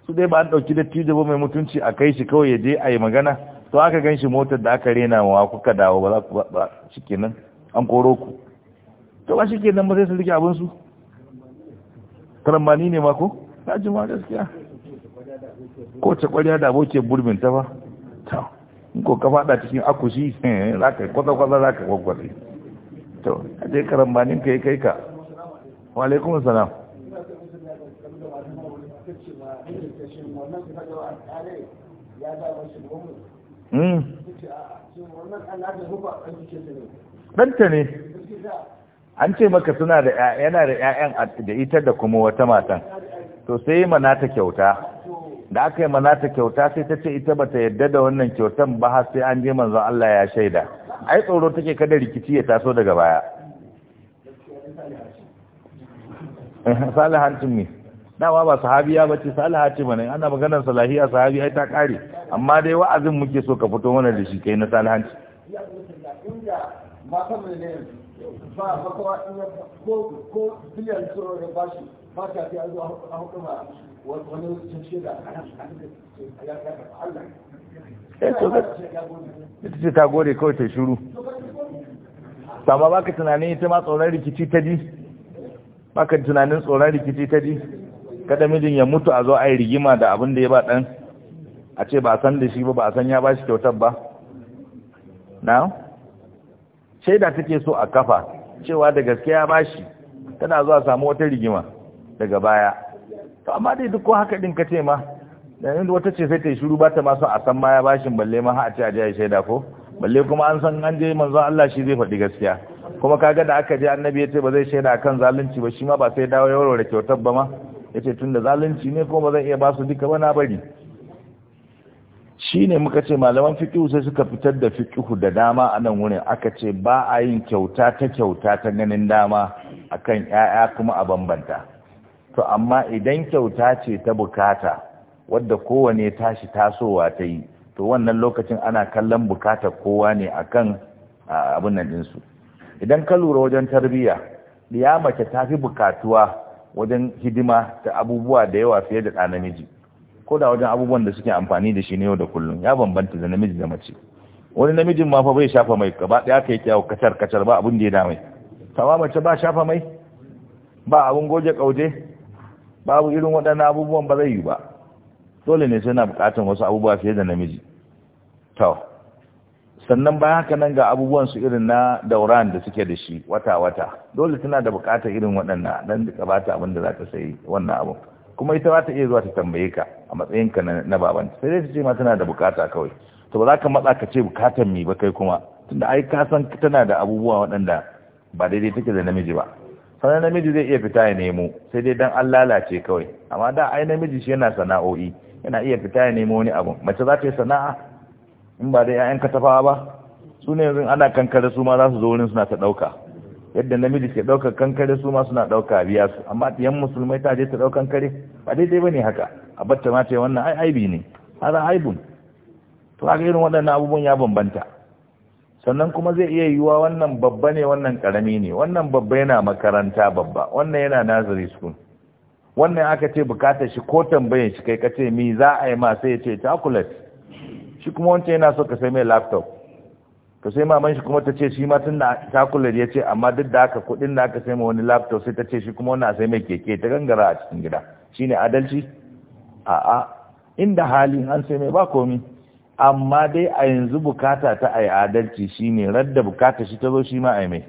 su dai ba an ɗauki dattijo ba mai mutunci a kai shi kawai ya je a yi magana to aka gan shi motar da aka rena wa kuka dawo ba za ku ba shi kenan an koro ku to ba shi kenan ba sai su rike abinsu karambani ne ma ko na ji ma gaskiya ko ta kwarya da abokin burbin ta ba ta in ko ka fada cikin akushi eh, za ka kwata-kwata za ka kwakwata to a je karambanin ka yi kai ka wa alaikun salam ɗanta ne an ce maka suna da yana da 'ya'yan da ita da kuma wata matan to sai yi ta kyauta da aka yi manata kyauta sai ta ce ita bata yadda da wannan kyautan ba har sai an je manzon Allah ya shaida ai tsoro take kada rikici ya taso daga baya Salihan dama ba sahabiya ba ce salaha ce mana ana maganar salahiya ai ta kare amma dai wa'azin muke so ka fito mana da shi kai na salahanci eh, ita ce ta gode kawai ta shuru sama baka tunanin ita ma tsoron rikici ta ji baka tunanin tsoron rikici ta ji kada mijin ya mutu a zo a yi rigima da abin da ya ba ɗan a ce ba san da shi ba ba san ya ba shi kyautar ba na shaida take so a kafa cewa da gaskiya ba shi tana zuwa samu wata rigima daga baya to amma dai duk ko haka din ka ce ma da yanzu wata ce sai ta yi shiru ba ta ma so a san ma ya bashin balle ma a ce a je a shaida ko balle kuma an san an je manzon Allah shi zai faɗi gaskiya kuma kaga da aka je annabi ya ce ba zai shaida kan zalunci ba shi ma ba sai dawo ya warware kyautar ba ma yace da zalunci ne ko ba zan iya ba su duka wana bari bari ne muka ce malaman fikihu sai suka fitar da fikihu da dama a nan wurin aka ce ba a yin kyauta ta kyauta ta ganin dama a kan 'ya'ya kuma a bambanta to amma idan kyauta ce ta bukata wadda kowane tashi tasowa ta yi to wannan lokacin ana kallon bukatar kowa ne akan abin nan ɗinsu idan ka lura wajen tarbiyya ya mace ta fi bukatuwa wajen hidima da abubuwa da yawa fiye da ɗa namiji ko da wajen abubuwan da suke amfani da shi ne yau da kullum ya bambanta da namiji da mace wani namijin ma fa bai shafa mai gaba ɗaya kai kyau kacar kacar ba abin da ya dame tawa mace ba shafa mai ba abin goje kauje babu irin waɗannan abubuwan ba zai yi ba dole ne sai na buƙatar wasu abubuwa fiye da namiji Tawa. sannan bayan haka nan ga abubuwan su irin na dauran da suke da shi wata-wata dole tana da bukatar irin waɗannan dan duka ba ta abin da za ta sayi wannan abu kuma ita ba ta iya zuwa ta tambaye ka a matsayin ka na baban sai dai ta ce ma tana da bukata kawai to ba za ka matsa ka ce bukatar mi ba kai kuma tunda ai ka san tana da abubuwa waɗanda ba daidai take da namiji ba sannan namiji zai iya fita ya nemo sai dai dan an lalace kawai amma da ai namiji shi yana sana'o'i yana iya fita ya nemo wani abu mace za ta yi sana'a in ba da 'ya'yan katafawa ba su ne yanzu ana kankare su ma za su zo wurin suna ta ɗauka yadda namiji ke ɗaukar kankare su ma suna ɗauka biya su amma yan musulmai ta je ta ɗau kankare ba daidai ba ne haka a batta ma ce wannan ai aibi ne hada aibun to haka irin waɗannan abubuwan ya bambanta sannan kuma zai iya yiwuwa wannan babba ne wannan ƙarami ne wannan babba yana makaranta babba wannan yana nazari school wannan aka ce bukatar shi ko tambayar shi kai ka ce mi za a yi ma sai ya ce chocolate shi kuma wancan yana so ka sai mai laptop to sai maman shi kuma ta ce shi ma tun da takular ya ce amma duk da haka kudin da aka sai ma wani laptop sai ta ce shi kuma wani sai mai keke ta gangara a cikin gida Shi ne adalci a'a inda hali an sai mai ba komi amma dai a yanzu bukata ta ai adalci shi ne, radda bukata shi ta zo shi ma ai mai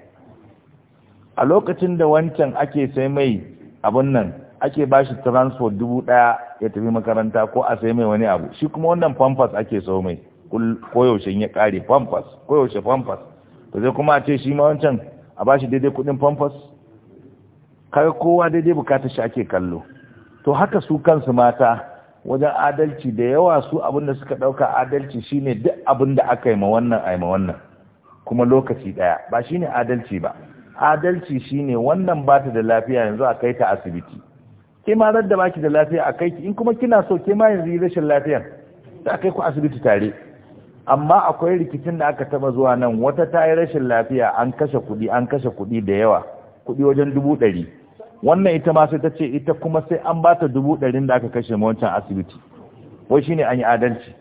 a lokacin da wancan ake sai mai abun nan ake ba shi transfer dubu ɗaya ya tafi makaranta ko a sai mai wani abu shi kuma wannan pampas ake so mai koyaushe ya kare pampas koyaushe pampas to zai kuma a ce shi ma wancan a ba shi daidai kuɗin pampas kai kowa daidai bukatar shi ake kallo to haka su kansu mata wajen adalci da yawa su abin da suka ɗauka adalci shine duk abin da aka yi ma wannan a yi ma wannan kuma lokaci ɗaya ba shine adalci ba adalci shine wannan ba ta da lafiya yanzu a kai ta asibiti ke ma rar da baki da lafiya a kai in kuma kina so ke ma yanzu rashin lafiyar da akai ku asibiti tare amma akwai rikicin da aka taba zuwa nan wata ta yi rashin lafiya an kashe kuɗi an kashe kuɗi da yawa kuɗi wajen dubu ɗari wannan ita ma sai ta ce ita kuma sai an ba ta dubu ɗarin da aka kashe ma wancan asibiti wai shine an yi adalci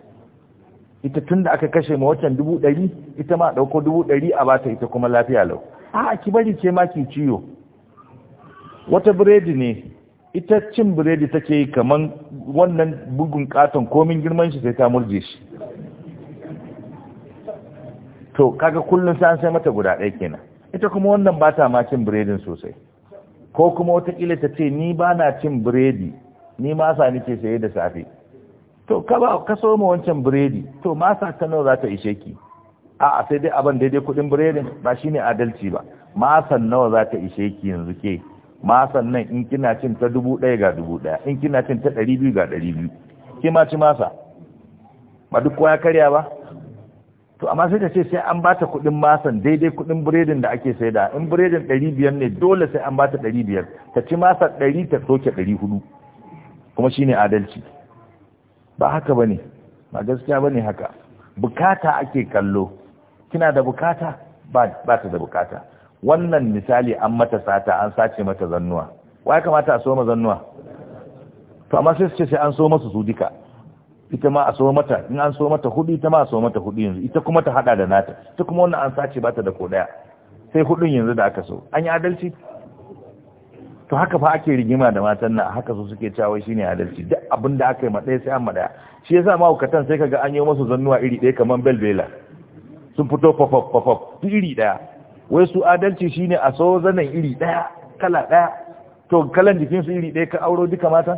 ita tun da aka kashe ma wancan dubu ɗari ita ma ɗauko dubu ɗari a bata ita kuma lafiya lau a ki bari ce ma ki ciyo wata biredi ne ita cin biredi take yi kaman wannan bugun katon komin girman shi sai ta murje shi to kaga kullum sai an sai mata guda ɗaya kenan ita kuma wannan ba ta ma cin biredin sosai ko kuma watakila ta ce ni ba na cin biredi ni masa nake saye da safe to ka ba ka so ma wancan biredi to masa ta nawa za ta ishe ki a a sai dai abin daidai kuɗin biredin ba shine adalci ba Masa nawa za ta ishe ki yanzu ke ma nan in kina cin ta dubu ɗaya ga dubu ɗaya in kina cin ta ɗari biyu ga ɗari biyu ke ma ci masa ba duk kowa ya karya ba to amma sai ta ce sai an bata kuɗin masan daidai kuɗin biredin da ake saida in biredin ɗari biyar ne dole sai an bata ɗari biyar ta ci masa ɗari ta soke ɗari hudu kuma shine adalci ba haka ba ne ba gaskiya ba ne haka bukata ake kallo kina da bukata ba ta da bukata wannan misali an mata sata an sace mata zannuwa wai kamata a soma zannuwa to amma sai su ce sai an so masu su duka ita ma a so mata in an so mata hudu ita ma a so mata hudu yanzu ita kuma ta hada da nata ita kuma wannan an sace bata da ko daya sai hudun yanzu da aka so an yi adalci to haka fa ake rigima da matan nan haka su suke cewa shine adalci duk abin da aka yi ma ɗaya sai an ma ɗaya shi yasa mahaukatan sai kaga an yi masu zannuwa iri ɗaya kamar belbela sun fito fafaf fafaf iri ɗaya wai su adalci shine a so zanen iri daya kala daya to kalan jikinsu iri daya ka auro duka mata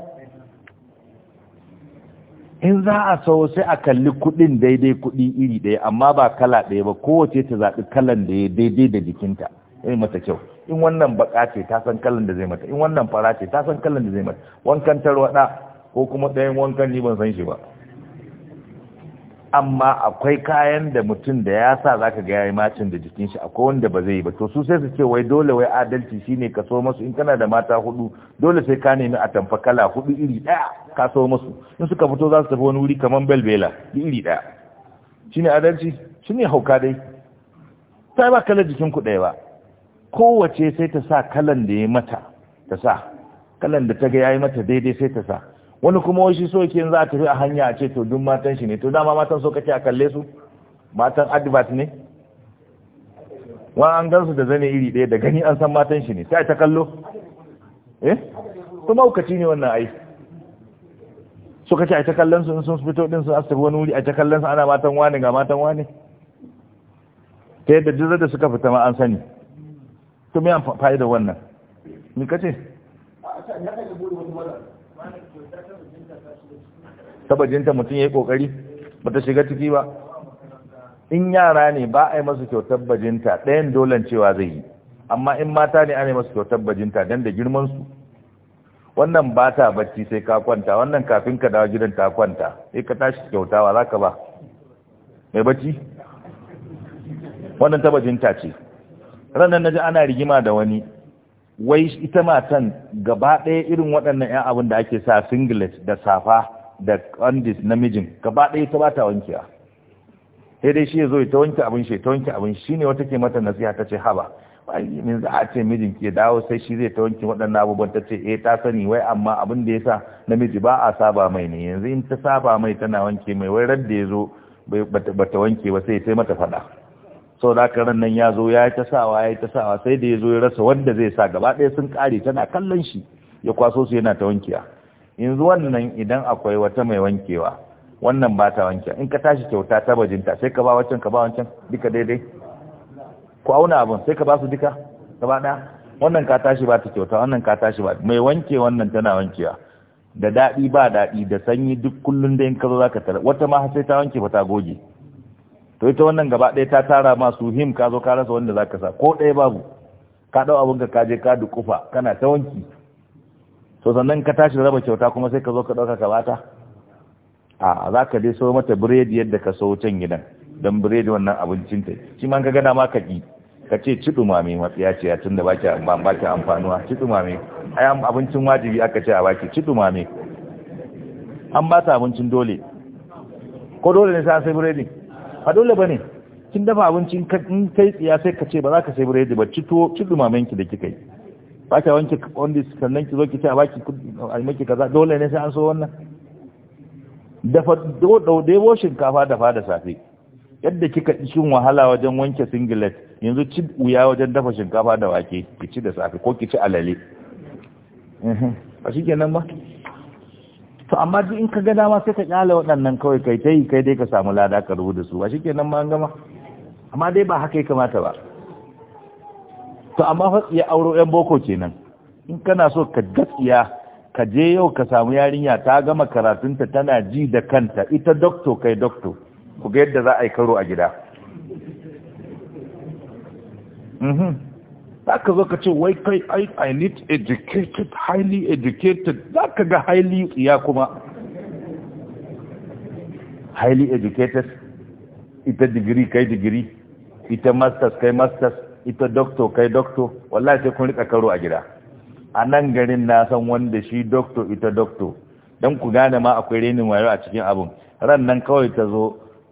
in za a so sai a kalli kudin daidai kudi iri daya amma ba kala daya ba kowace ta zaɓi kalan da ya daidai da jikinta ya mata kyau in wannan baka ce ta san kalan da zai mata in wannan fara ce ta san kalan da zai mata wankan tarwada ko kuma ɗayan wankan ni ban san shi ba amma akwai kayan da mutum da ya sa zaka ga yayi macin da jikin shi akwai wanda ba zai yi ba to su sai su ce wai dole wai adalci shine ka so musu in kana da mata hudu dole sai ka nemi a tamfa kala hudu iri daya ka so musu in suka fito za su tafi wani wuri kaman belbela iri daya shine adalci shine hauka dai sai ba kalar jikin ku daya ba kowace sai ta sa kalan da ya mata ta sa kalan da ta ga yayi mata daidai sai ta sa wani kuma shi so za a tafi a hanya a ce to dun matan shi ne to dama matan so kake a kalle su matan advert ne Wani an gansu da zane iri ɗaya da gani an san matan shi ne sai ta kallo eh to maukaci ne wannan ai so kace a ta kallon su in sun fito din su asabi wani wuri a ta kallon su ana matan wani ga matan wani ta yadda duk da suka fita ma an sani to me an fa'ida wannan ni kace a ta kai da ta mutum ya yi ƙoƙari ba ta shiga ciki ba in yara ne ba a yi masu kyautar bajinta ɗayan dolan cewa zai yi amma in mata ne ana yi masu kyautar bajinta don da girmansu wannan ba ta bacci sai ka kwanta wannan kafin ka dawo gidan ta kwanta sai ka tashi kyautawa za ka ba mai bacci wannan ta bajinta ce ranar na ji ana rigima da wani wai ita matan gaba ɗaya irin waɗannan 'yan abin da ake sa singlet da safa da ƙandis namijin gaba ɗaya ta ba ta wankewa sai dai shi ya zo ta wanke abin shi ta wanke abin shi ne wata ke mata nasiha ta ce haba min za a ce mijin ke dawo sai shi zai ta wanke waɗannan abubuwan ta ce eh ta sani wai amma abin da ya sa namiji ba a saba mai ne yanzu in ta saba mai tana wanke mai wai da ya zo ba ta wanke ba sai ta mata faɗa sau da aka nan ya zo ya yi ta sawa ya yi ta sawa sai da ya zo ya rasa wanda zai sa gaba ɗaya sun ƙare tana kallon shi ya kwaso su yana ta wankiya yanzu wannan idan akwai wata mai wankewa wannan ba ta wankiya in ka tashi kyauta ta bajinta sai ka ba wancan ka ba wancan duka daidai ku auna abin sai ka ba su duka gaba ɗaya wannan ka tashi ba ta kyauta wannan ka tashi ba mai wanke wannan tana wankewa da daɗi ba daɗi da sanyi duk kullum da in ka zo za ka tara wata ma sai ta wanke ba ta goge to ita wannan gaba ɗaya ta tara masu him ka zo ka rasa wanda za ka sa ko ɗaya babu ka ɗau abinka ka je ka dukufa kana ta wanki to sannan ka tashi raba kyauta kuma sai ka zo ka ɗauka ka bata a za ka dai sau mata biredi yadda ka sau can gidan don biredi wannan abincin ta shi ma ka gana ma ka ƙi ka ce ci ɗumame matsiya ce tun da baki amfanuwa ci ɗumame ai abincin wajibi aka ce a baki ci ɗumame an ba ta abincin dole ko dole ne sai sai biredin ba dole ba ne kin dafa abincin in kai tsiya sai ka ce ba za ka sai biredi ba ci tuwo ci dumamen ki da kika yi ba ka wanke wanda sannan ki zo ki ce a baki a miki kaza dole ne sai an so wannan dafa dodebo shinkafa dafa da safe yadda kika shin wahala wajen wanke singlet yanzu ci wuya wajen dafa shinkafa da wake ki ci da safe ko ki ci alale a shi kenan ba to amma duk in ka ga dama sai ka kyale waɗannan kawai kai ta yi kai dai ka samu lada ka rubuta su ba nan ma an gama amma dai ba haka ya kamata ba to amma fa ya auro yan boko kenan in kana so ka gaskiya ka je yau ka samu yarinya ta gama karatunta tana ji da kanta ita dokto kai dokto ku ga yadda za a yi karo a gida mhm. za ka zo ka ce wai kai i need educated highly educated za ka ga highly ya kuma highly educated ita digiri kai digiri ita masters kai masters ita doctor kai doctor wallahi sai kun rika karo a gida a nan garin na san wanda shi doctor ita doctor don ku gane ma akwai renin wayo a cikin abin ran nan kawai ta zo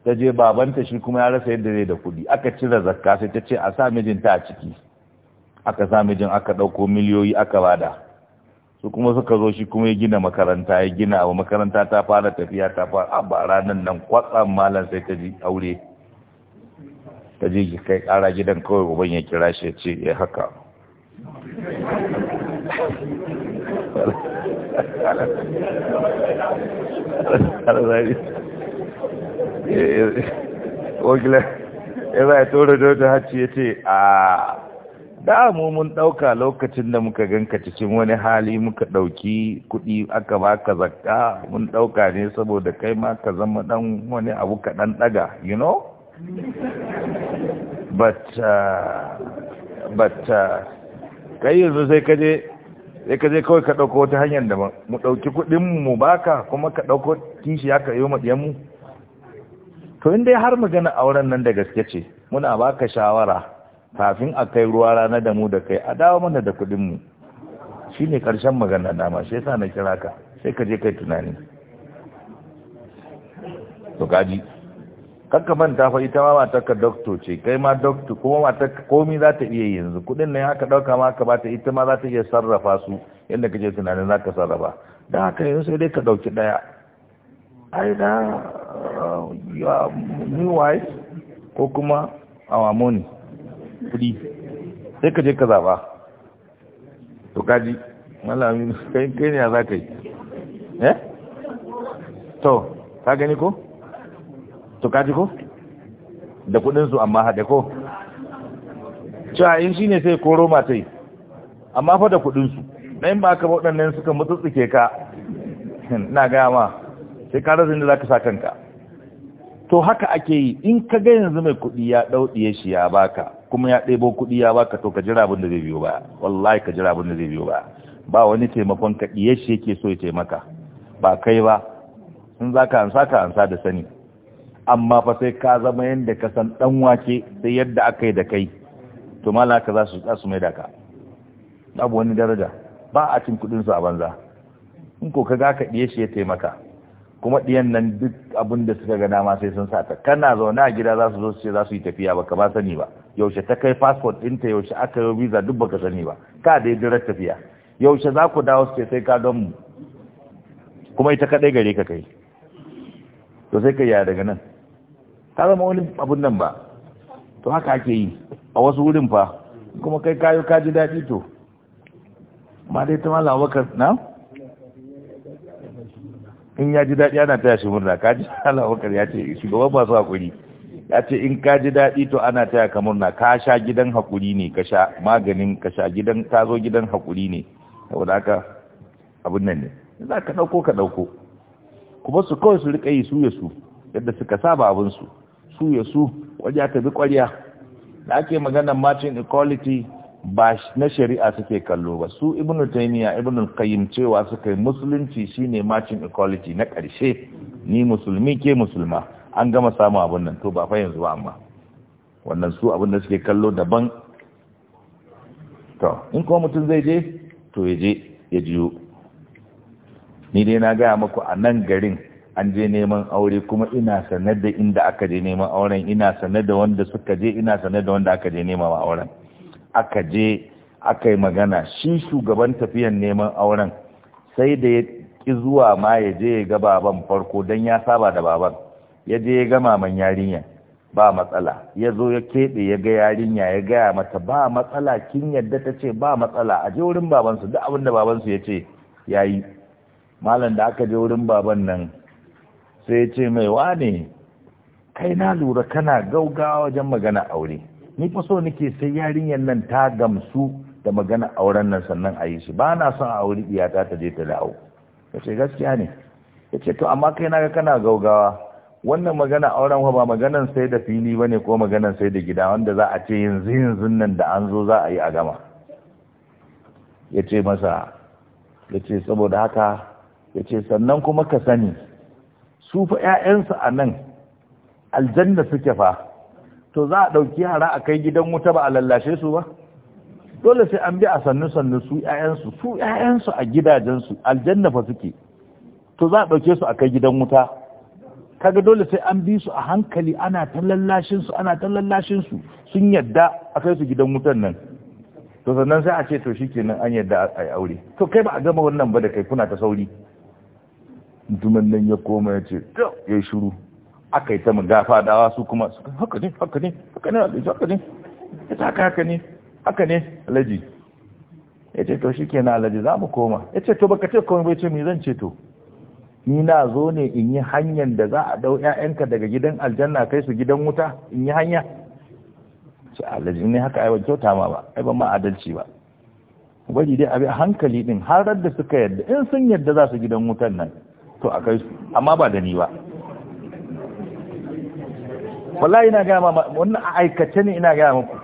ta je babanta shi kuma ya rasa yadda zai da kuɗi aka cire zakka sai ta ce a sa mijinta a ciki aka sa mijin aka ɗauko miliyoyi aka bada su kuma suka zo shi kuma ya gina makaranta ya gina abu makaranta ta fara tafiya ta fara a ah, ba ranar nan kwatsam malam sai ta ji aure ta ji kai ƙara gidan kawai uban ya kira shi ya ce ya eh, haka *laughs* eh, eh, wakilai ya za a toro da ya ce a ah. da mu mun ɗauka lokacin da muka ganka cikin wani hali muka ɗauki kuɗi aka baka zakka mun ɗauka ne saboda kai ma ka zama ɗan wani abu ka ɗan ɗaga you know but uh, but uh, kai yanzu sai ka je sai ka je kawai ka ɗauko wata hanyar da mu ɗauki kuɗin mu baka kuma ka ɗauko kishi aka ka yi maɗiyan mu to in dai har magana auren nan da gaske ce muna baka shawara kafin a kai ruwa rana da mu da kai a dawo mana da kuɗinmu shi ne ƙarshen magana dama shi yasa na kira ka sai ka je kai tunani to kaji kakka manta fa ita ma matarka dokto ce kai ma dokto kuma matarka komi za ta iya yanzu kuɗin nan haka ɗauka ma ka bata ita ma za ta iya sarrafa su yadda ka je tunani za ka sarrafa don haka yanzu sai dai ka ɗauki ɗaya ai da new wife ko kuma awamoni kudi sai ka je ka zaba to kaji malami kai kai ne za ka yi eh to ka gani ko to kaji ko da kudin su amma hade ko cewa in ne sai koro matai amma fa da kudin su yin ba ka waɗannan suka mutsutsuke ka ina gaya ma sai ka da za ka sa kanka to haka ake yi in ka ga yanzu mai kuɗi ya ɗauɗiye shi ya baka kuma ya ɗebo kuɗi ya baka to ka jira abin da zai biyo ba wallahi ka jira abin da zai biyo ba ba wani taimakon ka ɗiye shi yake so ya taimaka ba kai ba in za ka ansa ka ansa da sani amma fa sai ka zama yadda ka san ɗan wake sai yadda aka yi da kai to mala ka za su za su mai da ka babu wani daraja ba a cin kuɗin su a banza in ko ka ga ka ɗiye shi ya taimaka kuma ɗiyan nan duk abin da suka ga dama sai sun sata kana zaune a gida za su zo su ce za su yi tafiya ba ka ba sani ba yaushe ta kai passport ɗinta yaushe aka yi visa duk baka sani ba ka da yi direct tafiya yaushe za ku dawo su ce sai ka don mu kuma ita kaɗai gare ka kai to sai ka yi daga nan ta zama wani abun nan ba to haka ake yi a wasu wurin fa kuma kai kayo ka ji daɗi to ma dai ta malam abubakar na in ya ji daɗi ana taya shi murna ka ji malam abubakar ya ce shugaban masu hakuri ya ce in ka ji daɗi to ana taya ka murna ka sha gidan haƙuri ne ka sha maganin ka sha gidan ka zo gidan haƙuri ne saboda haka abin nan ne za ka ɗauko ka ɗauko kuma su kawai su riƙa yi su ya su yadda suka saba abin su su ya su ƙwarya ta bi ƙwarya da ake magana martin equality ba na shari'a suke kallo ba su ibn taymiya ibn qayyim cewa suka yi musulunci shine martin equality na ƙarshe ni musulmi ke musulma an gama samun abin nan to ba fa yanzu ba amma wannan su abin da suke kallo daban to in kuma mutum zai je to ya je ya jiyo ni dai na gaya maku a nan garin an je neman aure kuma ina sanar da inda aka je neman auren ina sanar da wanda suka je ina sanar da wanda aka je neman auren aka je aka yi magana shi shugaban tafiyan neman auren sai da ya ƙi zuwa ma ya je ya ga baban farko don ya saba da baban ya je ya gama man yarinya ba matsala ya zo ya keɓe ya ga yarinya ya gaya mata ba matsala kin yadda ta ce ba matsala a je wurin babansu duk abin da babansu ya ce ya yi malam da aka je wurin baban nan sai ya ce mai ne?" kai na lura kana gaugawa wajen magana aure ni fa so nake sai yarinyar nan ta gamsu da magana auren nan sannan a yi shi ba na son a auri iyata ta je ta dawo ya ce gaskiya ne ya ce to amma kai na ga kana gaugawa wannan magana auren ba maganan sai da fili ba ne ko maganan sai da gida wanda za a ce yanzu yanzu nan da an zo za a yi a gama ya ce masa ya ce saboda haka ya ce sannan kuma ka sani su fa 'ya'yansu a nan aljanna suke fa to za a ɗauki hara a kai gidan wuta ba a lallashe su ba dole sai an bi a sannu sannu su 'ya'yansu su 'ya'yansu a gidajensu aljanna fa suke to za a ɗauke su a kai gidan wuta kaga dole sai an bi su a hankali ana ta lallashin su ana ta lallashin su sun yadda a kai su gidan wutan nan to sannan sai a ce to shikenan an yadda a yi aure to kai ba a gama wannan ba da kai kuna ta sauri mutumin nan ya koma ya ce to ya shiru aka yi ta mu gafa dawa su kuma su: haka ne haka ne haka ne haka ne ya haka haka ne haka ne alaji ya ce to shikenan alaji za mu koma ya ce to baka ce komai bai ce me zan ce to ni na zo ne in yi hanyar da za a dau ƴaƴanka daga gidan aljanna kai su gidan wuta in yi hanya su alaji ne haka ai ban kyauta ma ba ai ban ma adalci ba gwaji dai abin a hankali din har da suka yadda in sun yadda za su gidan wutan nan to a kai su amma ba da ni ba wallahi ina ga ma wannan aikace ne ina ga muku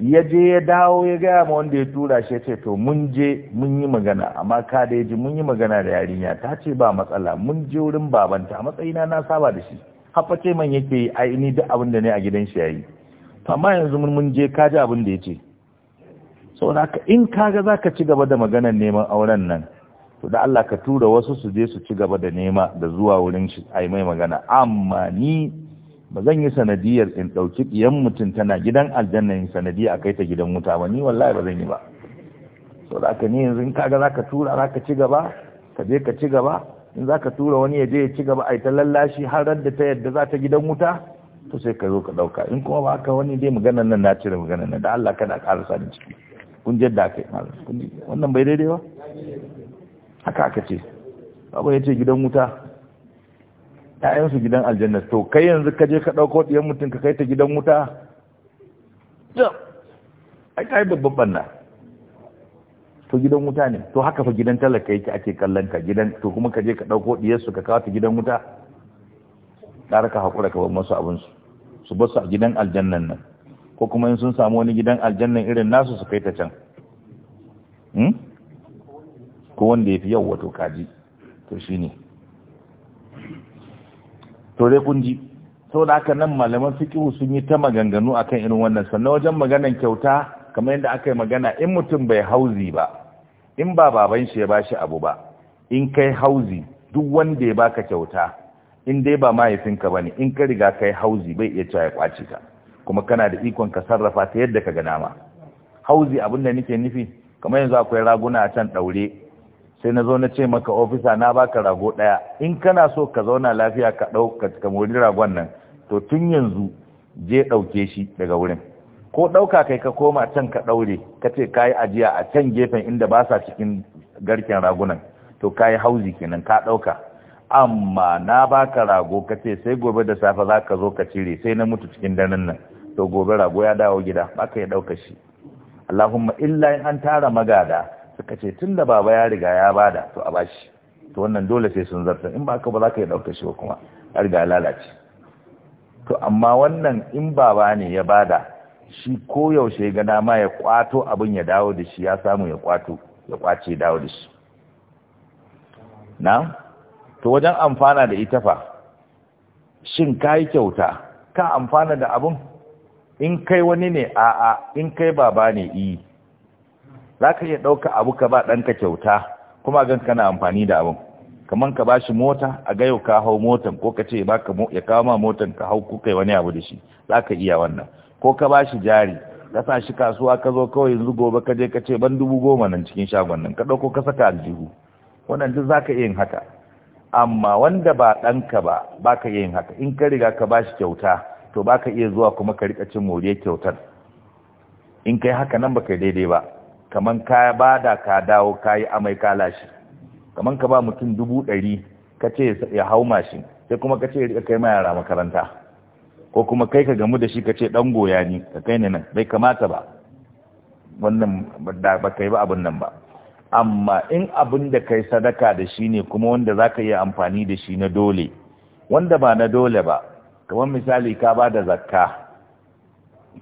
ya je ya dawo ya gaya ma wanda ya tura shi ya ce to mun je mun yi magana amma ka da ji mun yi magana da yarinya ta ce ba matsala mun je wurin babanta a matsayina na saba da shi haɓa ce man yake yi a ni duk abin da ne a gidan shi ya yi to amma yanzu mun mun je ka ji abin da yace saboda haka in kaga ka ci gaba da maganar neman auren nan to da Allah ka tura wasu su je su ci gaba da nema da zuwa wurin shi a yi mai magana amma ni ba zan yi sanadiyar in ɗauki ɗiyan mutum tana gidan aljanna in sanadiyar a kai ta gidan wuta ba ni wallahi ba zan yi ba so da aka ne yanzu in kaga za ka tura za ka ci gaba ka je ka ci gaba in za ka tura wani ya je ya ci gaba a yi ta lallashi har da ta yadda za ta gidan wuta to sai ka zo ka ɗauka in kuma ba haka wani dai magana nan na cire magana nan da Allah kada ka ƙarasa ni ciki kun je da kai wannan bai daidai ba haka aka ce abu ya ce gidan wuta ƴaƴansu gidan aljanna to kai yanzu ka je ka ɗauko ɗiyan mutum ka kai ta gidan wuta ai kai yi babban banna to gidan wuta ne to haka fa gidan talaka yake ake kallon ka gidan to kuma ka je ka ɗauko ɗiyarsu ka kawo ta gidan wuta ɗara raka haƙura ka bar masu abinsu su bar su a gidan aljannan nan ko kuma in sun samu wani gidan aljannan irin nasu su kai ta can hmm? ko wanda ya fi yawa wato kaji to shine ne to kunji kun ji saboda haka nan malaman fikihu sun yi ta maganganu akan irin wannan sannan wajen maganan kyauta kamar yadda aka yi magana in mutum bai hauzi ba in ba baban shi ya ba shi abu ba in kai hauzi duk wanda ya baka kyauta in dai ba mahaifinka ba ne in ka riga kai hauzi bai iya cewa ya kwace ka kuma kana da ikon ka sarrafa ta yadda ka ga dama hauzi abin da nake nufi kamar yanzu akwai raguna a can daure sai na zo na ce maka ofisa na baka rago ɗaya in kana so ka zauna lafiya ka ɗauka ka mori ragon nan to tun yanzu je ɗauke shi daga wurin ko ɗauka kai ka koma can ka ɗaure ka ce ka ajiya a can gefen inda ba sa cikin garken ragunan to ka yi hauzi kenan ka ɗauka amma na baka rago ka ce sai gobe da safe za ka zo ka cire sai na mutu cikin daren nan to gobe rago ya dawo gida ba ka yi ɗauka shi Allahumma illa in an tara magada suka ce tun da baba ya riga ya bada to a bashi to wannan dole sai sun zarta in ba ka ba za ka yi ɗauka shi ba kuma ya riga lalace to amma wannan in baba ne ya bada shi ko yaushe ga dama ya kwato abin ya dawo da shi ya samu ya kwato ya kwace dawo da shi na to wajen amfana da ita fa shin kai kyauta ka amfana da abin in kai wani ne a'a in kai baba ne yi eh. za ka iya ɗauka abu ka ba ɗanka kyauta kuma gan kana amfani da abin kamar ka ba shi mota a ga yau ka hau motan ko ka ce ya kawo ma motan ka hau kuka wani abu da shi za ka iya wannan ko ka ba shi jari ka sa shi kasuwa ka zo kawai yanzu gobe ka je ka ce ban dubu goma nan cikin shagon nan ka ɗauko ka saka aljihu wannan duk za ka iya yin haka amma wanda ba ɗanka ba ba ka iya yin haka in ka riga ka ba shi kyauta to ba ka iya zuwa kuma ka riƙa cin moriyar kyautar in kai haka nan ba kai daidai ba kaman ka bada ka dawo ka yi amai ka lashe kaman ka ba mutum dubu ɗari ka ce ya hau mashin sai kuma ka ce ya kai ma yara makaranta ko kuma kai ka gamu da shi ka ce ɗan goya ni ka kai ne nan bai kamata ba wannan ba kai ba abin nan ba amma in abin da kai sadaka da shi ne kuma wanda za ka iya amfani da shi na dole wanda ba na dole ba kamar misali ka ba da zakka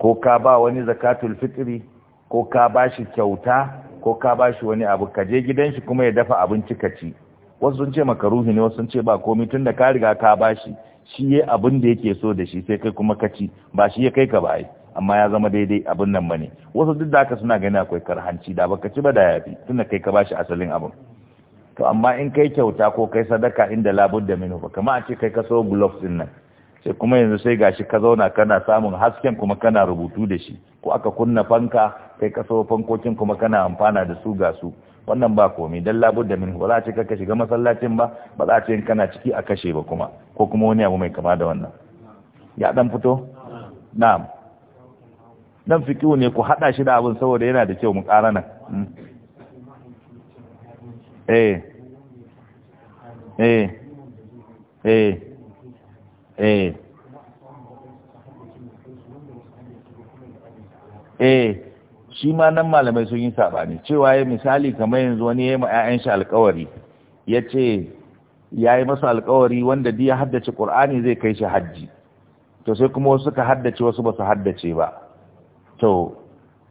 ko ka ba wani zakatul fitri ko ka ba shi kyauta ko ka ba shi wani abu ka je gidan shi kuma ya dafa abinci ka ci wasu sun ce maka makaruhi ne wasu sun ce ba komai tunda ka riga ka ba shi shi ya abin da yake so da shi sai kai kuma ka ci ba shi ya kai ka ba ai amma ya zama daidai abin nan bane wasu duk da haka suna gani akwai karhanci da baka ci ba da yafi tunda kai ka ba shi asalin abin to amma in kai kyauta ko kai sadaka inda labudda minhu ba kamar a ce kai ka so gloves din nan sai kuma yanzu sai gashi ka zauna kana samun hasken kuma kana rubutu da shi ko aka kunna fanka kai ka fankokin kuma kana amfana da su ga su wannan ba komai dan labudda min ba za a ce ka shiga masallacin ba ba za a ce kana ciki a kashe ba kuma ko kuma wani abu mai kama da wannan ya dan fito na'am dan fikihu ne ku hada shi da abin saboda yana da kyau mu ƙara nan hmm. eh eh eh eh eh shi ma nan malamai sun yi sabani cewa ya misali kamar yanzu wani ya yi ma 'ya'yan shi alkawari ya ce ya yi masa alkawari wanda ya haddace ƙur'ani zai kai shi hajji to sai kuma wasu suka haddace wasu ba su haddace ba to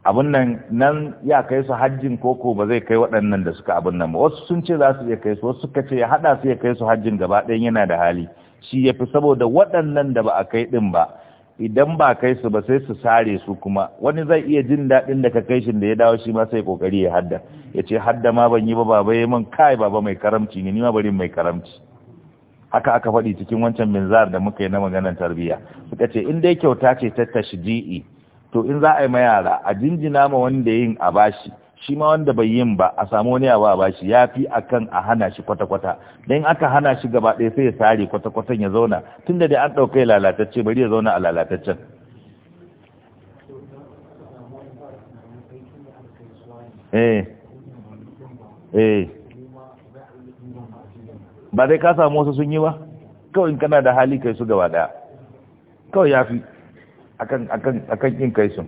abin nan nan ya kai su hajjin koko ba zai kai waɗannan da suka abin nan ba wasu sun ce za su iya kai su wasu suka ce ya haɗa su ya kai su hajjin gaba ɗayan yana da hali shi ya fi saboda waɗannan da ba a kai ɗin ba idan ba kai su ba sai su sare su kuma wani zai iya jin daɗin da ka kai shi da ya dawo shi ma sai kokari ya hadda ya ce hadda ma ban yi ba baba ya man kai baba mai karamci ne ni ma bari mai karamci haka aka faɗi cikin wancan binzar da muka yi na maganar tarbiyya suka ce in dai kyauta ce ta tashji'i to in za a yi ma yara a jinjina ma wanda yin a bashi shi ma wanda bai yin ba a samu wani abu a bashi ya fi a kan a hana shi kwata-kwata don aka hana shi gaba ɗaya sai ya sare kwata-kwatan ya zauna tun da an ɗauka lalatacce bari ya zauna a lalataccen eh. Eh. ba dai ka samu wasu sun yi ba kawai in kana da hali kai su gaba ɗaya kawai ya fi a kan kin kai sun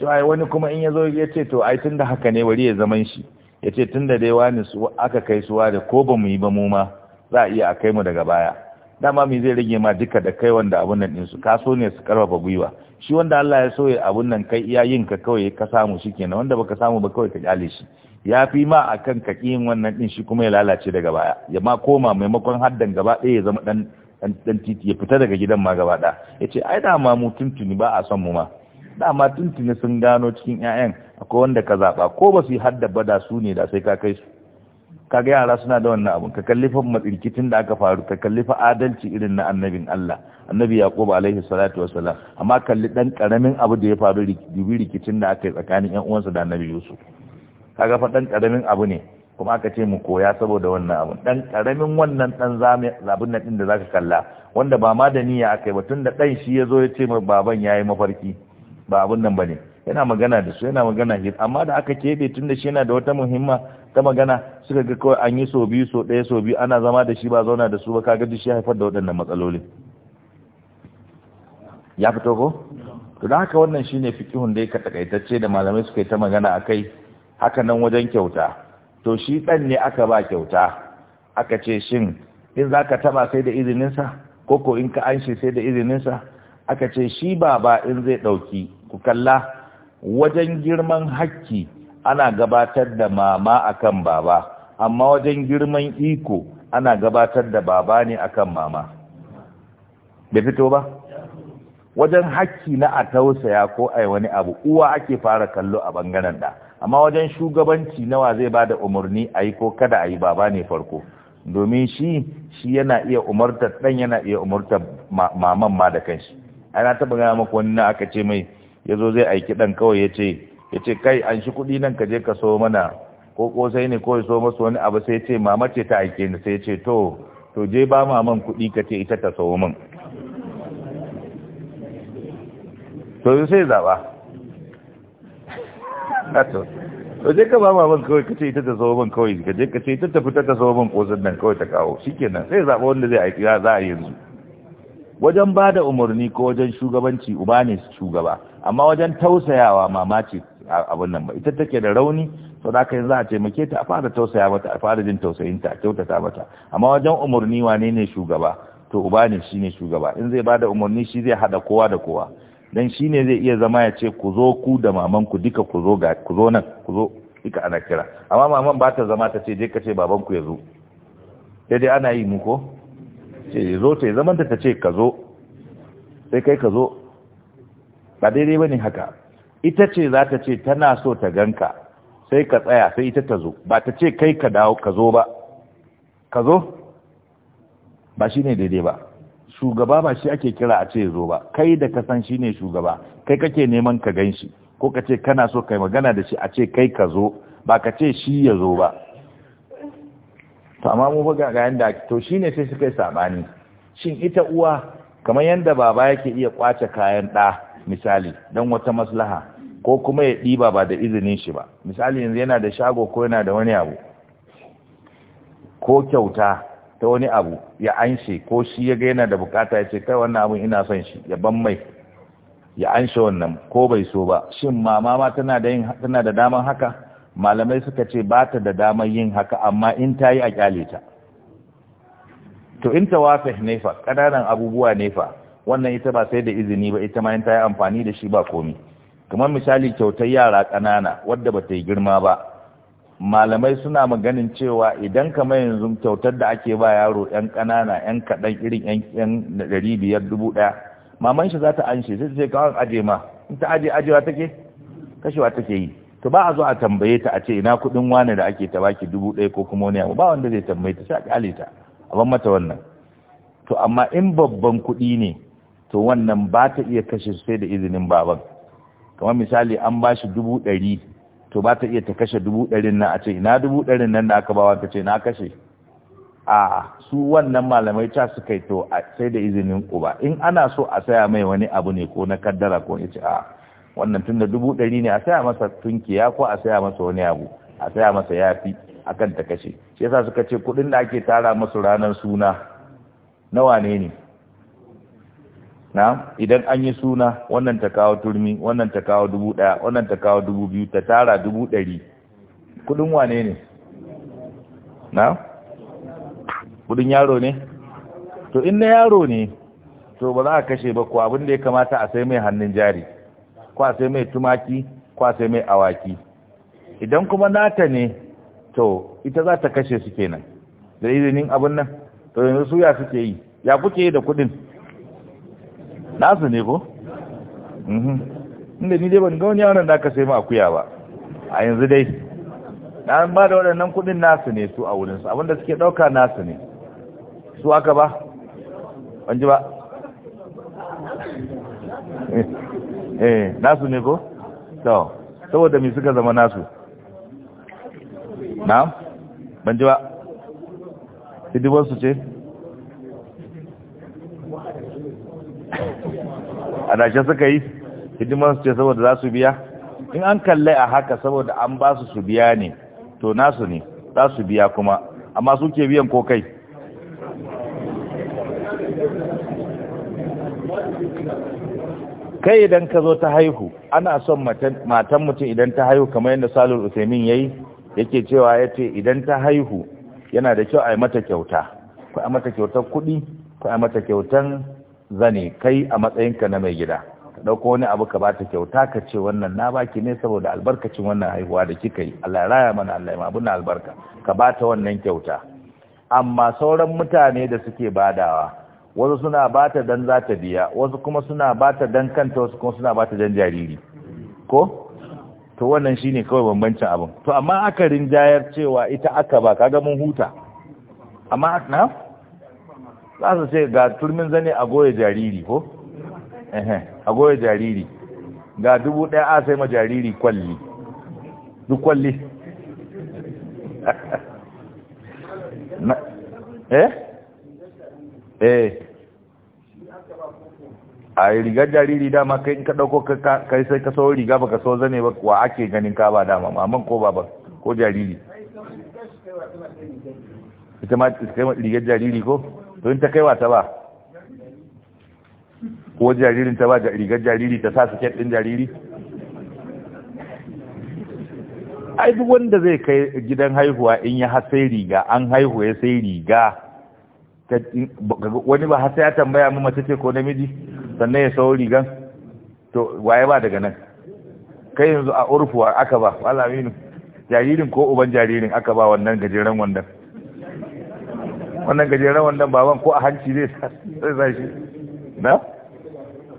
cewa wani kuma in ya zo ya ce to ai tun da haka ne wari ya zaman shi ya ce tun da dai wani su aka kai suwa da ko ba mu yi ba mu ma za a iya a kai mu daga baya dama mi zai rage ma duka da kai wanda abun nan su ka so ne su karfafa gwiwa shi wanda Allah ya so ya abun nan kai iya yin ka kawai ka samu shi kenan wanda baka samu ba kawai ka kyale shi ya fi ma akan ka yin wannan din shi kuma ya lalace daga baya ya ma koma maimakon haddan gaba ɗaya ya zama dan titi ya fita daga gidan ma gaba ɗaya ya ce ai dama mu tuntuni ba a son mu ma dama tuntuni sun gano cikin 'ya'yan akwai wanda ka zaɓa ko ba su yi haddaba da su ne da sai ka kai su kaga yara suna da wannan abun ka kallifa matsirkitin da aka faru ka kallifa adalci irin na annabin Allah annabi yaqub alaihi salatu wassalam amma kalli dan karamin abu da ya faru dubi rikicin da aka yi tsakanin ƴan uwansa da annabi yusuf ka ga fa dan karamin abu ne kuma aka ce mu koya saboda wannan abun dan karamin wannan dan zame zabin nan din da zaka kalla wanda ba ma da niyya yi ba tunda dan shi yazo ya ce ma baban yayi mafarki ba abin nan bane yana magana da su yana magana hir amma da aka keɓe tun da shi yana da wata muhimma ta magana suka ga kawai an yi so biyu so ɗaya so biyu ana zama da shi ba zauna da su ba kaga duk shi haifar da waɗannan matsalolin ya fito ko to da haka wannan shine fiqhun da yake takaitacce da malamai suka yi ta magana akai haka nan wajen kyauta to shi dan ne aka ba kyauta aka ce shin in zaka taba sai da izininsa? sa ko in ka anshi sai da izininsa? aka ce shi ba, ba in zai ɗauki. ku kalla wajen girman hakki ana gabatar da mama akan baba amma wajen girman iko ana gabatar da baba ne akan mama bai fito ba wajen hakki na a tausaya ko ai wani abu uwa ake fara kallo a bangaren da amma wajen shugabanci nawa zai ba da umarni a yi ko kada a yi baba ne farko domin shi shi yana iya umartar dan yana iya umartar maman ma da kanshi ana taba gaya maka wani na aka ce mai ya zo zai aiki ɗan kawai ya ce ya ce kai an shi kuɗi nan ka je ka so mana ko sai ne ko ya so masu wani abu sai ya ce mama ce ta aike ni sai ya ce to to je ba maman kuɗi ka ce ita ta so min to sai zaɓa *laughs* to je ka ba maman kawai ka ce ita ta so min kawai ka je ka ce ita ta fita ta so min kosan nan kawai ta kawo shikenan sai zaɓa wanda zai aiki za a yanzu wajen ba da umarni ko wajen shugabanci uba ne shugaba amma wajen tausayawa mamaci ce abin nan ba ita take da rauni sau da yanzu a taimake ta a fara tausaya mata a fara jin tausayinta a kyautata mata amma wajen umarni wane ne shugaba to uba ne shi ne shugaba in zai ba da umarni shi zai haɗa kowa da kowa don shi ne zai iya zama ya ce ku zo ku da maman ku duka ku zo ku zo nan ku zo duka ana kira amma maman ba ta zama ta ce je ka ce baban ku ya zo sai dai ana yi mu ko ce ya zo ta yi ta ce ka zo sai kai ka zo ba daidai ba ne haka ita ce za ta ce tana so ta ganka sai ka tsaya sai ita ta zo ba ta ce kai ka dawo ka zo ba ka zo ba shi ne daidai ba shugaba ba shi ake kira a ce zo ba kai da ka san shi ne shugaba kai kake neman ka gan shi ko ka ce kana so kai magana da shi a ce kai ka zo ba ka ce shi ya zo ba to amma mu ga ga yanda to shi ne sai suka yi sabani shin ita uwa kamar yanda baba yake iya kwace kayan da misali don wata maslaha ko kuma ya ɗiba ba da izinin shi ba misali yanzu yana da shago ko yana da wani abu ko kyauta ta wani abu ya anshe ko shi ya ga yana da bukata ya ce kai wannan abin ina son shi ya ban mai ya anshe wannan ko bai so ba shin mama ma tana da yin tana da daman haka malamai suka ce ba ta da daman yin haka amma in ta yi a kyale ta to in wafe ne fa ƙananan abubuwa nefa. wannan ita ba sai da izini ba ita ma ta yi amfani da shi ba komi kamar misali kyautar yara ƙanana wadda ba ta yi girma ba malamai suna maganin cewa idan kamar yanzu kyautar da ake ba yaro yan ƙanana yan kaɗan irin yan ɗari biyar dubu ɗaya maman shi za ta an shi sai ta ce kawai aje ma in ta aje ajewa take kashewa take yi to ba a zo a tambaye ta a ce ina kuɗin wane da ake ta baki dubu ɗaya ko kuma wani abu ba wanda zai tambaye ta sai a ƙyale ta a ban mata wannan to amma in babban kuɗi ne to wannan ba ta iya kashe sai da izinin baban kamar misali an ba shi dubu ɗari to ba ta iya ta kashe dubu ɗarin nan a ce ina dubu ɗarin nan da aka bawa ta ce na kashe a su wannan malamai ta su kai to sai da izinin uba in ana so a saya mai wani abu ne ko na kaddara ko ya ce a wannan tun da dubu ɗari ne a saya masa tunkiya ko a saya masa wani abu a saya masa yafi akan ta kashe shi yasa suka ce kuɗin da ake tara masu ranar suna nawa ne ne na idan an yi suna wannan ta kawo turmi wannan ta kawo dubu ɗaya wannan ta kawo dubu biyu ta tara dubu ɗari kudin wane ne na kudin yaro ne to in na yaro ne to ba za a kashe ba ko abin da ya kamata a sai mai hannun jari ko a sai mai tumaki ko a sai mai awaki idan kuma nata ne to ita za ta kashe su kenan da izinin abin nan to yanzu su ya suke yi ya kuke yi da kudin nasu ne ko mhm. inda ni dai ban ga wani yaron da aka sai ma akuya ba a yanzu dai na ba da waɗannan kuɗin nasu ne su a wurinsu abinda suke ɗauka nasu ne su aka ba ji ba *laughs* eh nasu ne ko to saboda mai suka zama nasu na ji ba su ce adashe suka yi hidimar su ce saboda za su biya in an kallai a haka saboda an ba su su biya ne to nasu ne za su biya kuma amma su ke biyan ko kai kai idan ka zo ta haihu ana son matan mutum idan ta haihu kamar yadda salur usaimin ya yi yake cewa ya ce idan ta haihu yana da kyau a yi mata kyauta ko a mata kyautar kuɗi ko a mata kyautar zane kai a matsayinka na mai gida ka ɗauko wani abu ka bata kyauta ka ce wannan na baki ne saboda albarkacin wannan haihuwa da kika yi Allah raya mana Allah ya ma na albarka ka bata wannan kyauta amma sauran mutane da suke badawa wasu suna bata dan za ta biya wasu kuma suna bata dan kanta wasu kuma suna bata dan jariri ko to wannan shine kawai bambancin abin to amma aka rinjayar cewa ita aka ba kaga mun huta amma na za su ce ga turmin zane a goya jariri ko a goya jariri ga dubu ɗaya a sai ma jariri kwalli duk kwalli *laughs* eh eh a rigar jariri dama kai in ka ɗauko kai sai ka so riga ka so zane ba wa ake ganin ka ba dama amma ko ba ko jariri ita ma rigar jariri ko don in ta kai wata ba ko jaririn ta ba rigar jariri ta sa siket din jariri ai duk wanda zai kai gidan haihuwa in ya hasai riga an haihu ya sai riga wani ba hasai ya tambaya mu mace ce ko namiji sannan ya sau rigan to waye ba daga nan kai yanzu a urfuwa aka ba alaminu jaririn ko uban jaririn aka ba wannan gajeren wannan wannan gajeren wannan baban ko a hanci zai sa shi na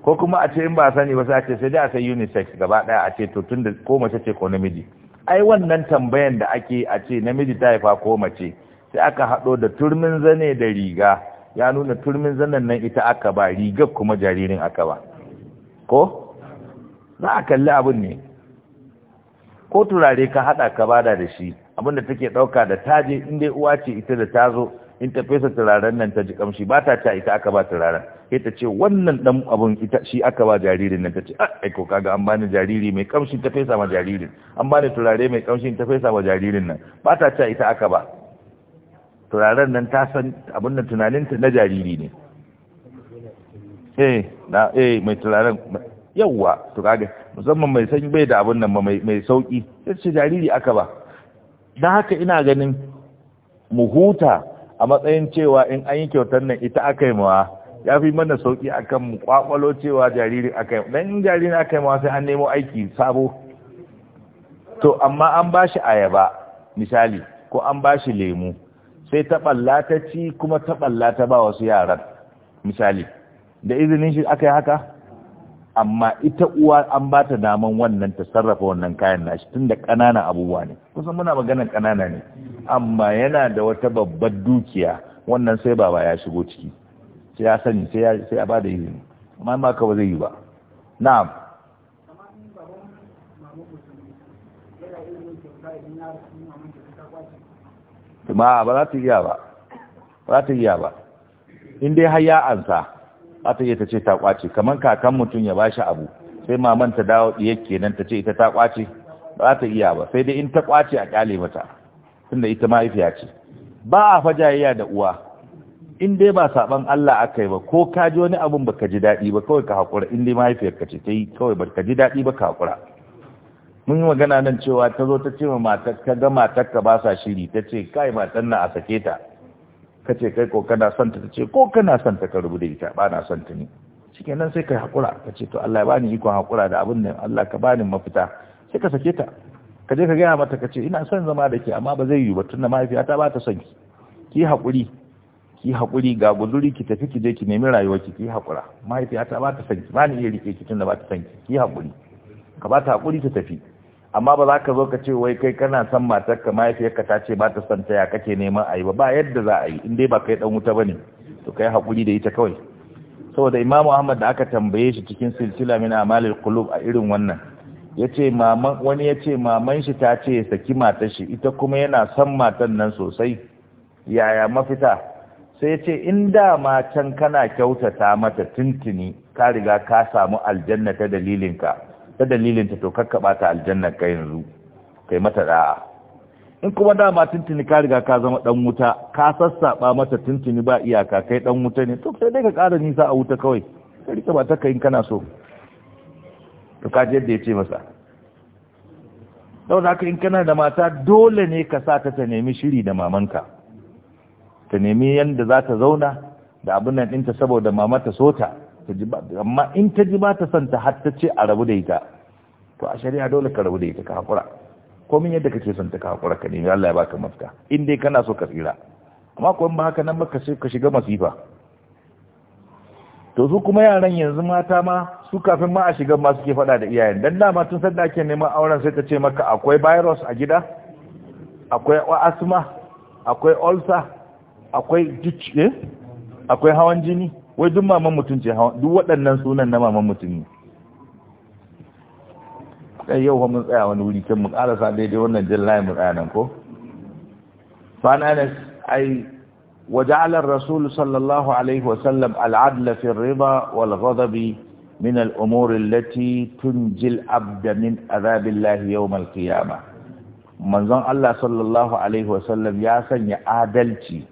ko kuma a ce in ba sani ba sai a ce sai dai a sai unisex gaba daya a ce to tun ko mace ce ko namiji ai wannan tambayan da ake a ce namiji ta haifa ko mace sai aka haɗo da turmin zane da riga ya nuna turmin zanen nan ita aka ba rigar kuma jaririn aka ba ko za a kalli abin ne ko turare ka haɗa ka bada da shi abinda take ɗauka da taje inda uwa ce ita da tazo? in ta fesa turaren nan ta ji kamshi ba ta ta ita aka ba turaren sai ta ce wannan dan abun ita shi aka ba jaririn nan ta ce ah, ai ko kaga an bani jariri mai kamshi ta fesa ma jaririn an bani turare mai kamshi ta fesa ma jaririn nan ba ta ta ita aka ba turaren nan ta san abun nan tunaninta na jariri ne eh na eh mai turaren yawa to kaga musamman mai san bai da abun nan mai mai sauki sai ce jariri aka ba dan haka ina ganin mu huta a matsayin cewa in an yi kyautar nan ita aka yi mawa ya fi mana sauki a kan kwakwalo cewa jaririn aka yi dan jariri jaririn aka yi mawa sai an nemo aiki sabo to amma an ba shi ayaba misali ko an ba shi lemu sai ta ta ci kuma ta ta ba wasu yaran misali da izinin shi aka yi haka amma ita uwa an ba ta daman wannan ta sarrafa wannan kayan nashi tun da ƙananan abubuwa ne kusan muna maganar ƙanana ne amma yana da wata babbar dukiya wannan sai baba ya shigo ciki sai ya sani sai ya ba da izini amma ma ka ba zai yi ba na'am ba ba za ta iya ba ba za ta iya ba in dai har ya ansa a ta ta ce ta kwace kamar kakan mutum ya bashi abu sai maman ta dawo ɗiyar kenan ta ce ita ta kwace ba ta iya ba sai dai in ta kwace a kyale mata tunda ita mahaifiya ce ba a fajayya da uwa in dai ba saban Allah aka yi ba ko ka ji wani abun baka ji daɗi ba kawai ka haƙura in dai mahaifiyar ka ce ta yi kawai baka ji daɗi ba ka haƙura mun yi magana nan cewa ta zo ta ce ma matar ka ga matar ka ba sa shiri ta ce kai matar na a sake ta ka ce kai ko kana son ta ce ko kana son ta ka rubuta ita ba na son ta ne cikin nan sai ka haƙura ka ce to Allah ya bani ikon haƙura da abin nan Allah ka bani mafita sai ka sake ta ka je ka gaya mata ka ce ina son zama da ke amma ba zai yiwu ba tunda mahaifiyata ba ta son ki ki haƙuri ki haƙuri ga guzuri ki tafi ki je ki nemi rayuwar ki ki haƙura mahaifiyata ba ta son ki ba ni iya rike ki tunda ba ta son ki ki haƙuri ka ba ta haƙuri ta tafi amma ba za ka zo ka ce wai kai kana son matar ka mahaifiyarka ta ce ba ta son ta ya kake neman a ba ba yadda za a yi in dai ba kai dan wuta bane to kai hakuri da ita kawai saboda imamu ahmad da aka tambaye shi cikin silsila min amalil qulub a irin wannan yace maman wani yace maman shi ta ce ya saki matar shi ita kuma yana san matan nan sosai yaya mafita sai yace in da ma can kana kyautata mata tintini ka riga ka samu aljanna ta dalilinka ta dalilin ta to kakkaba ta aljanna ka yanzu kai mata da'a in kuma dama tuntuni ka riga ka zama dan wuta ka sassaba mata tuntuni ba iyaka kai dan wuta ne to sai dai ka ƙara nisa a wuta kawai sai rika ba ta kai kana so to ka ji yadda ya ce masa don haka in kana da mata dole ne ka sa ta ta nemi shiri da mamanka ta nemi yanda za ta zauna da abin nan ɗinta saboda mama ta so ta ji ba amma in ta ji ba ta son ta har ta ce a rabu da ita to a shari'a dole ka rabu da ita ka hakura komin yadda kake son ta ka hakura ka nemi Allah ya baka mafita in dai kana so ka tsira amma ko ba haka nan ba ka shiga masifa to su kuma yaran yanzu mata ma su kafin ma a shiga ma suke fada da iyayen dan dama tun sanda ake neman auren sai ta ce maka akwai virus a gida akwai asma akwai ulcer akwai eh? akwai hawan jini wai duk maman mutum ce hawa duk waɗannan sunan na maman mutum ne kai yau mun tsaya wani wuri kan mu karasa daidai wannan jallaye mu tsaya nan ko fa anas ai وجعل الرسول صلى الله عليه وسلم العدل في الرضا والغضب من الأمور التي تنجي العبد من manzon Allah sallallahu alaihi wasallam ya sanya adalci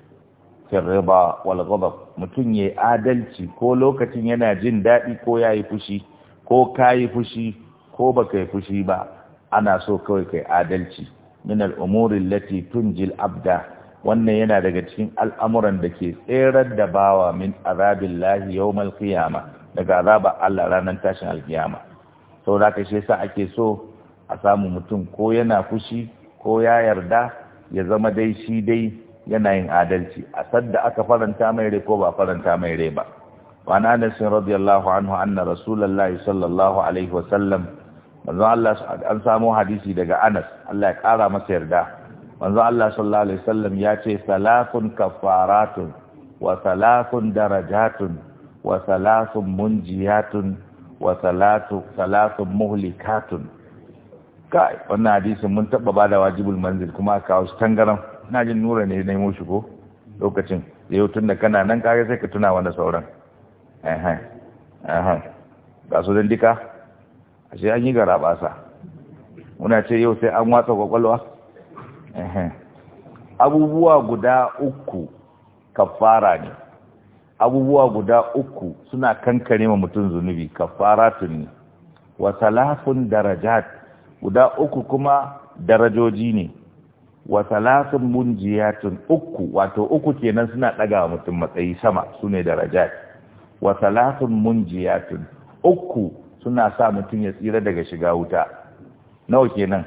fil riba wal ghadab mutum yayi adalci ko lokacin yana jin daɗi ko yayi fushi ko kayi fushi ko baka yi fushi ba ana so kawai kai adalci min umurin lati tun tunjil abda wannan yana daga cikin al'amuran da ke tserar da bawa min lahi yawmal qiyamah daga azabar Allah ranar tashin alkiyama sau da ka shi yasa ake so a samu mutum ko yana fushi ko ya yarda ya zama dai shi dai yana yin adalci a sadda aka faranta mai rai ko ba faranta mai rai ba wa na anas radiyallahu anhu anna rasulullahi sallallahu alaihi wa sallam manzo Allah an samu hadisi daga Anas Allah ya kara masa yarda manzo Allah sallallahu alaihi wasallam ya ce salafun kafaratun wa salafun darajatun wa salafun munjiyatun wa salatu salafun muhlikatun kai wannan hadisin mun taba bada wajibul manzil kuma kawo shi tangaran na jin nura ne na yi mushi ko lokacin yau tun da kana nan kare sai ka tuna wani sauran ga su dika a an yi gara basa muna ce yau sai an watsa kwakwalwa abubuwa guda uku kafara ne abubuwa guda uku suna kankare ma mutum zunubi kafaratun ne wa darajat guda uku kuma darajoji ne wa salasun munjiyatun uku wato uku kenan suna ɗaga mutum matsayi sama sune ne darajat wa salasun munjiyatun uku suna sa mutum ya tsira daga shiga wuta nawa kenan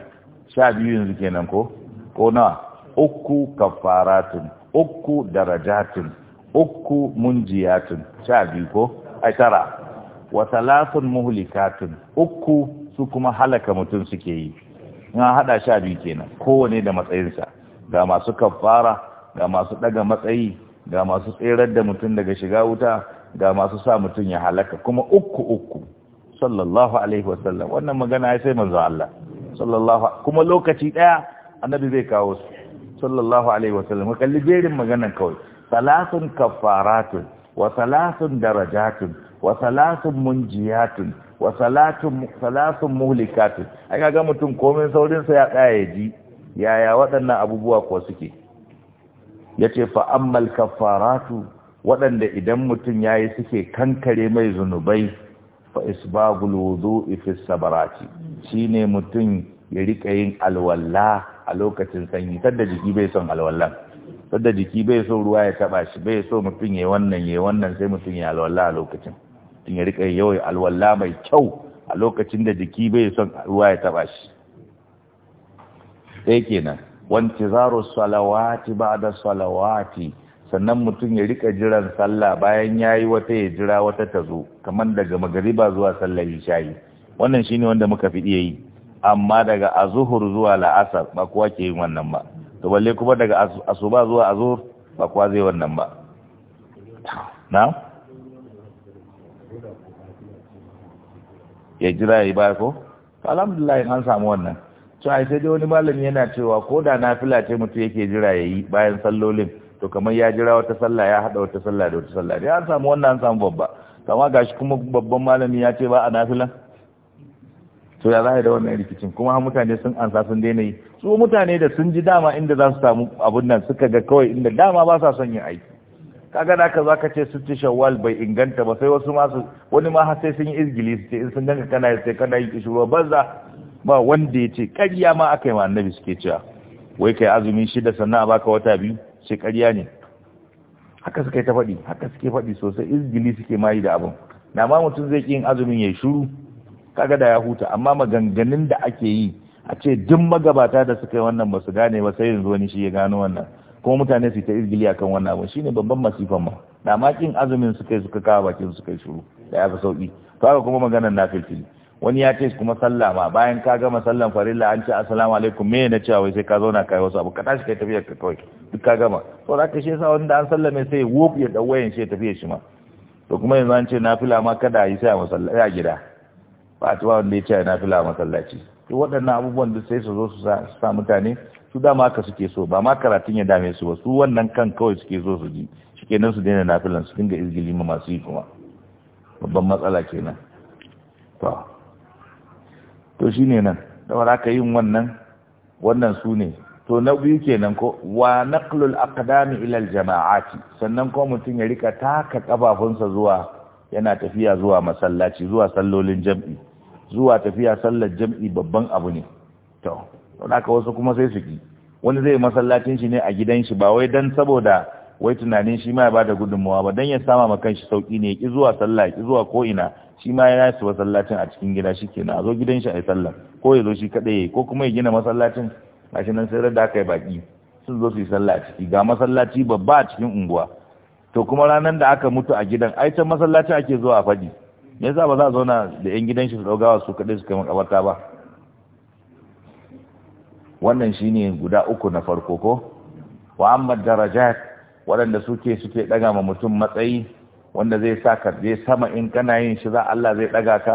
sha biyu yanzu kenan ko ko nawa uku kafaratun uku darajatun uku munjiyatun sha biyu ko a tara wa salasun muhlikatun uku su kuma halaka mutum suke yi in an hada sha biyu kenan kowane da matsayinsa ga masu kafara ga masu daga matsayi ga masu tserar da mutum daga shiga wuta ga masu sa mutum ya halaka kuma uku uku sallallahu alaihi wasallam wannan magana ya sai manzo Allah sallallahu kuma lokaci daya annabi zai kawo su sallallahu alaihi wasallam kalli jerin maganan kawai salatun kafaratun wa salatun darajatun wa salatun munjiyatun wa salatun muhlikatun ai ga mutum komai saurin sa ya tsaya ya ji yaya waɗannan abubuwa ko suke yace fa ammal kaffaratu waɗanda idan mutum yayi suke kankare mai zunubai fa isbagul wudu'i fi sabarati shine mutum ya rika yin alwalla a lokacin sanyi tada jiki bai son alwallan tada jiki bai son ruwa ya taɓa shi bai so mutum yayi wannan yayi wannan sai mutum ya alwalla a lokacin mutum ya rika yawai alwala mai kyau a lokacin da jiki bai son ruwa ya taba shi ɗaya kenan wanti zaro salawati ba da salawati sannan mutum ya rika jiran sallah bayan ya yi wata ya jira wata ta zo kamar daga magariba zuwa sallar shayi wannan shine wanda muka fi iya yi amma daga azuhur zuwa la'asar ba kowa ke yin wannan ba to balle kuma daga asuba zuwa azuhur ba kowa zai wannan ba na ya jira ya yi ba ko alhamdulillah an samu wannan to ai sai dai wani malami yana cewa ko da nafila ce mutum yake jira ya yi bayan sallolin to kamar ya jira wata sallah ya hada wata sallah da wata sallah dai an samu wannan an samu babba kama gashi kuma babban malami ya ce ba a nafilan to ya zai da wannan rikicin kuma mutane sun ansa sun daina yi su mutane da sun ji dama inda za su samu abun nan suka ga kawai inda dama ba sa son yin aiki kaga da aka za ka ce sun ci shawwal bai inganta ba sai wasu masu wani ma har sai sun yi izgili su ce in sun ganka kana sai kana yi kishiro banza ba wanda ya ce karya ma aka yi ma annabi suke cewa wai kai azumi shida sannan a baka wata biyu sai ƙarya ne haka suka yi ta faɗi haka suke faɗi sosai izgili suke mayi da abin na ma mutum zai ƙi yin azumin ya shuru kaga da ya huta amma maganganun da ake yi a ce duk magabata da suka yi wannan ba su gane ba sai yanzu wani shi ya gano wannan ko mutane su ta izgili akan wannan abu shine babban masifan ma da ma azumin su kai suka kawo bakin su kai shuru da ya fi sauki to haka kuma maganar nafilfili wani ya ce kuma sallah ma bayan ka gama sallan farilla an ce assalamu alaikum me na cewa wai sai ka zauna kai wasu abu ka tashi kai tafiyar ka kawai duk ka gama to da ka shi yasa wanda an sallame sai wuf ya dau wayan shi tafiyar shi ma to kuma yanzu an ce nafila ma kada yi sai a masallaci a gida ba a tuwa wanda ya ce nafila a masallaci to waɗannan abubuwan da sai su zo su sa mutane su dama haka suke so ba ma karatun ya dame su ba su wannan kan kawai suke so su ji nan su daina nafilan su dinga izgili ma masu yi kuma babban matsala kenan to to shine nan wa haka yin wannan wannan su ne to na biyu kenan ko wa naqlul aqdami ila al jama'ati sannan kuma mutum ya rika taka kafafunsa zuwa yana tafiya zuwa masallaci zuwa sallolin jam'i zuwa tafiya sallar jam'i babban abu ne to saboda haka wasu kuma sai su ki wani zai masallacin shi ne a gidan shi ba wai dan saboda wai tunanin shi ma ya bada gudunmawa ba dan ya sama ma kanshi sauki ne ki zuwa sallah ki zuwa ko ina shi ma ya yi masallacin a cikin gida shi kenan a zo gidan shi a yi sallah ko ya zo shi kadai ko kuma ya gina masallacin shi nan sai da aka yi baki sun zo su yi sallah ga masallaci babba a cikin unguwa to kuma ranar da aka mutu a gidan ai can masallaci ake zuwa a faɗi me yasa ba za a zauna da yan gidan shi su ɗaugawa su kaɗai su kai makabarta ba wannan shine guda uku na farko ko wa amma darajat waɗanda suke suke ɗaga ma mutum matsayi wanda zai sa ka sama in kana yin shi za Allah zai ɗaga ka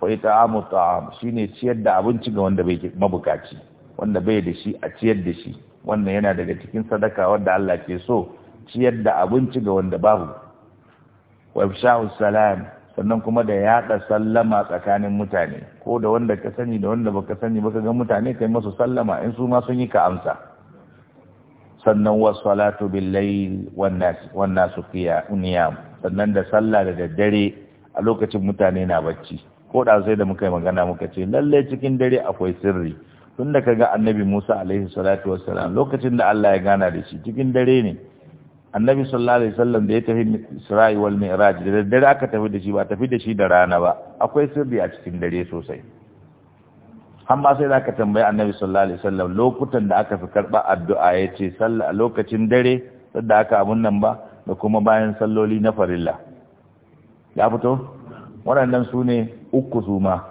fa ita'amu ta'am shine ciyar da abinci ga wanda bai mabukaci wanda bai da shi a ciyar da shi wannan yana daga cikin sadaka wanda Allah ke so ciyar da abinci ga wanda babu wa salam sannan kuma da yaɗa sallama tsakanin mutane ko da wanda ka sani da wanda baka sani baka ga mutane kai masu sallama in su ma sun yi ka amsa sannan wasalatu billahi su fiya niyam sannan da sallah da daddare a lokacin mutane na bacci ko da sai da muka yi magana muka ce lallai cikin dare akwai sirri tun da ga annabi Musa alaihi salatu wassalam lokacin da Allah ya gana da shi cikin dare ne annabi sallallahu alaihi wasallam da ya tafi Isra'i wal Mi'raj da daddare aka tafi da shi ba tafi da shi da rana ba akwai sirri a cikin dare sosai amma sai zaka tambayi annabi sallallahu alaihi wasallam lokutan da aka fi karba addu'a yace sallah lokacin dare sadda aka abun nan ba da kuma bayan salloli na farilla ya fito waɗannan su ne uku su ma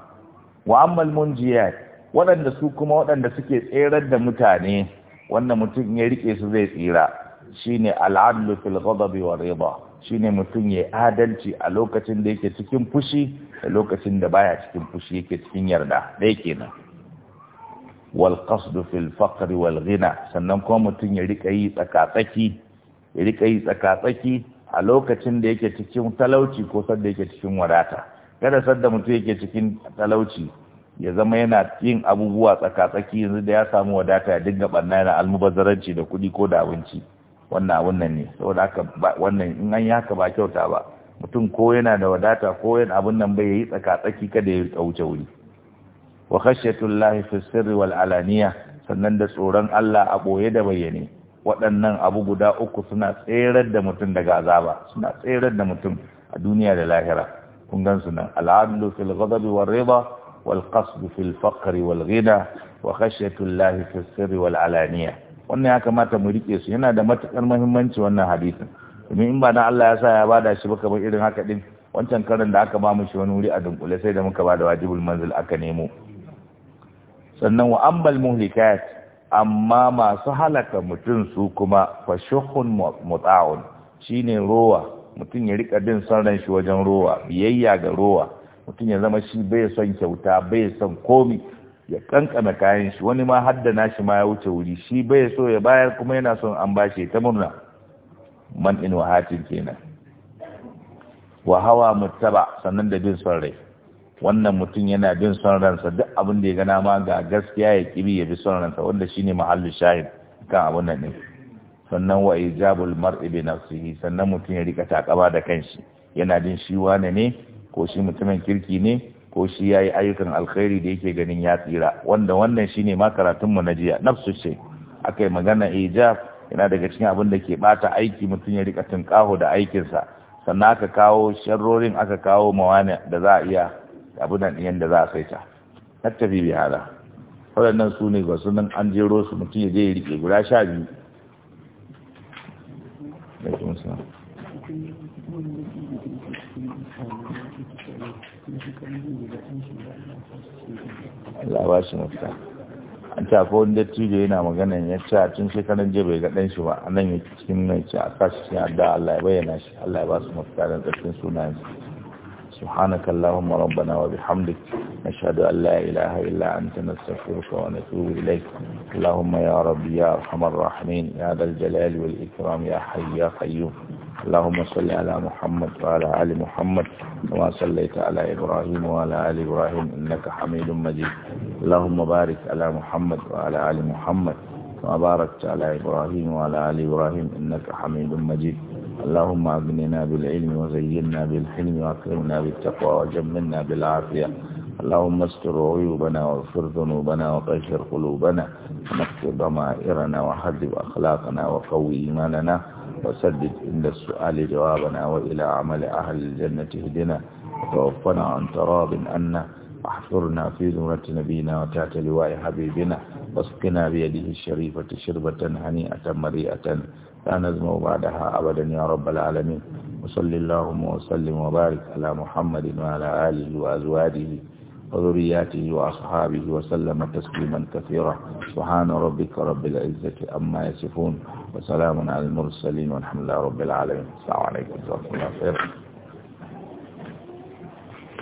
wa ammal munjiyat waɗanda su kuma waɗanda suke tserar da mutane Wannan mutum ya rike su zai tsira shine al'adlu fil ghadabi war rida shine mutum ya adalci a lokacin da yake cikin fushi da lokacin da baya cikin fushi yake cikin yarda dai kenan wal qasd fil faqr wal ghina sannan kuma mutum ya rika yi tsakatsaki ya rika yi tsakatsaki a lokacin da yake cikin talauci ko sanda yake cikin wadata kada sanda mutum yake cikin talauci ya zama yana yin abubuwa tsakatsaki yanzu da ya samu wadata ya dinga ɓanna yana almubazzaranci da kuɗi ko da abinci wannan wannan ne saboda haka wannan in an yaka ba kyauta ba mutum ko yana da wadata ko yana abin nan bai yi tsaka tsaki kada ya tsauce wuri wa lahi fi sirri wal alaniya sannan da tsoron Allah a boye da bayyane waɗannan abu guda uku suna tserar da mutum daga azaba suna tserar da mutum a duniya da lahira kun gan su nan al'adu fil ghadabi war rida wal qasd fil faqri wal ghina wa lahi fi sirri wal alaniya wannan ya kamata mu rike su yana da matukar muhimmanci wannan hadisin domin in ba dan Allah ya sa ya bada shi ba kamar irin haka din wancan karin da aka ba mu shi wani wuri a dunkule sai da muka ba da wajibul manzil aka nemo sannan wa ambal muhlikat amma masu halaka mutum su kuma fashuhun muta'un shine rowa mutum ya rika bin son ran shi wajen rowa biyayya ga rowa mutum ya zama shi bai son kyauta bai son komi ya kankana kayan shi wani ma haddana shi ma ya wuce wuri shi bai so ya bayar kuma yana son an bashi ta murna man in wahatin kenan wa hawa mutaba sannan da bin son rai wannan mutum yana bin son ransa duk abin da ya gana ma ga gaskiya ya kibi ya bi son ransa wanda shi shine mahallin shahid kan abun nan ne sannan wa ijabul mar'i bi nafsihi sannan mutum ya rika takaba da kanshi yana din shi wane ne ko shi mutumin kirki ne ko shi ya yi ayyukan alkhairi da yake ganin ya tsira wanda wannan shi ne makaratunmu na jiya nafsu ce aka yi magana ijab yana daga cikin abin da ke bata aiki mutum ya rika tunƙaho da aikinsa sannan aka kawo sharrorin aka kawo mawani da za a iya abin nan da za a ta. tattafi bi hada waɗannan su ne wasu nan an jero su mutum ya je ya rike guda sha biyu Allah ba shi mafita an ta ko wanda tijo yana magana ya ce a tun shekaran jiya ga dan shi ba a nan ya cikin mai ce a kashi cikin adda Allah ya bayyana shi Allah ya ba su mafita da tsarkin sunayen سبحانك اللهم ربنا وبحمدك نشهد أن لا إله إلا أنت نستغفرك ونتوب إليك اللهم يا رب يا أرحم الراحمين يا ذا الجلال والإكرام يا حي يا قيوم اللهم صل على محمد وعلى آل محمد كما صليت على إبراهيم وعلى آل إبراهيم إنك حميد مجيد اللهم بارك على محمد وعلى آل محمد كما باركت على إبراهيم وعلى آل إبراهيم إنك حميد مجيد اللهم أغننا بالعلم وزينا بالحلم وأكرمنا بالتقوى وجملنا بالعافية اللهم استر عيوبنا واغفر ذنوبنا وقشر قلوبنا ونكتب ضمائرنا وحذب أخلاقنا وقوي إيماننا وسدد عند السؤال جوابنا وإلى عمل أهل الجنة هدنا وتوفنا عن تراب أن أحفرنا في ذمرة نبينا وتحت لواء حبيبنا واسقنا بيده الشريفة شربة هنيئة مريئة لا نزم بعدها أبدا يا رب العالمين وصل اللهم وسلم وبارك على محمد وعلى آله وأزواجه وذرياته وأصحابه وسلم تسليما كثيرا سبحان ربك رب العزة أما يصفون وسلام على المرسلين والحمد لله رب العالمين السلام عليكم ورحمة الله وبركاته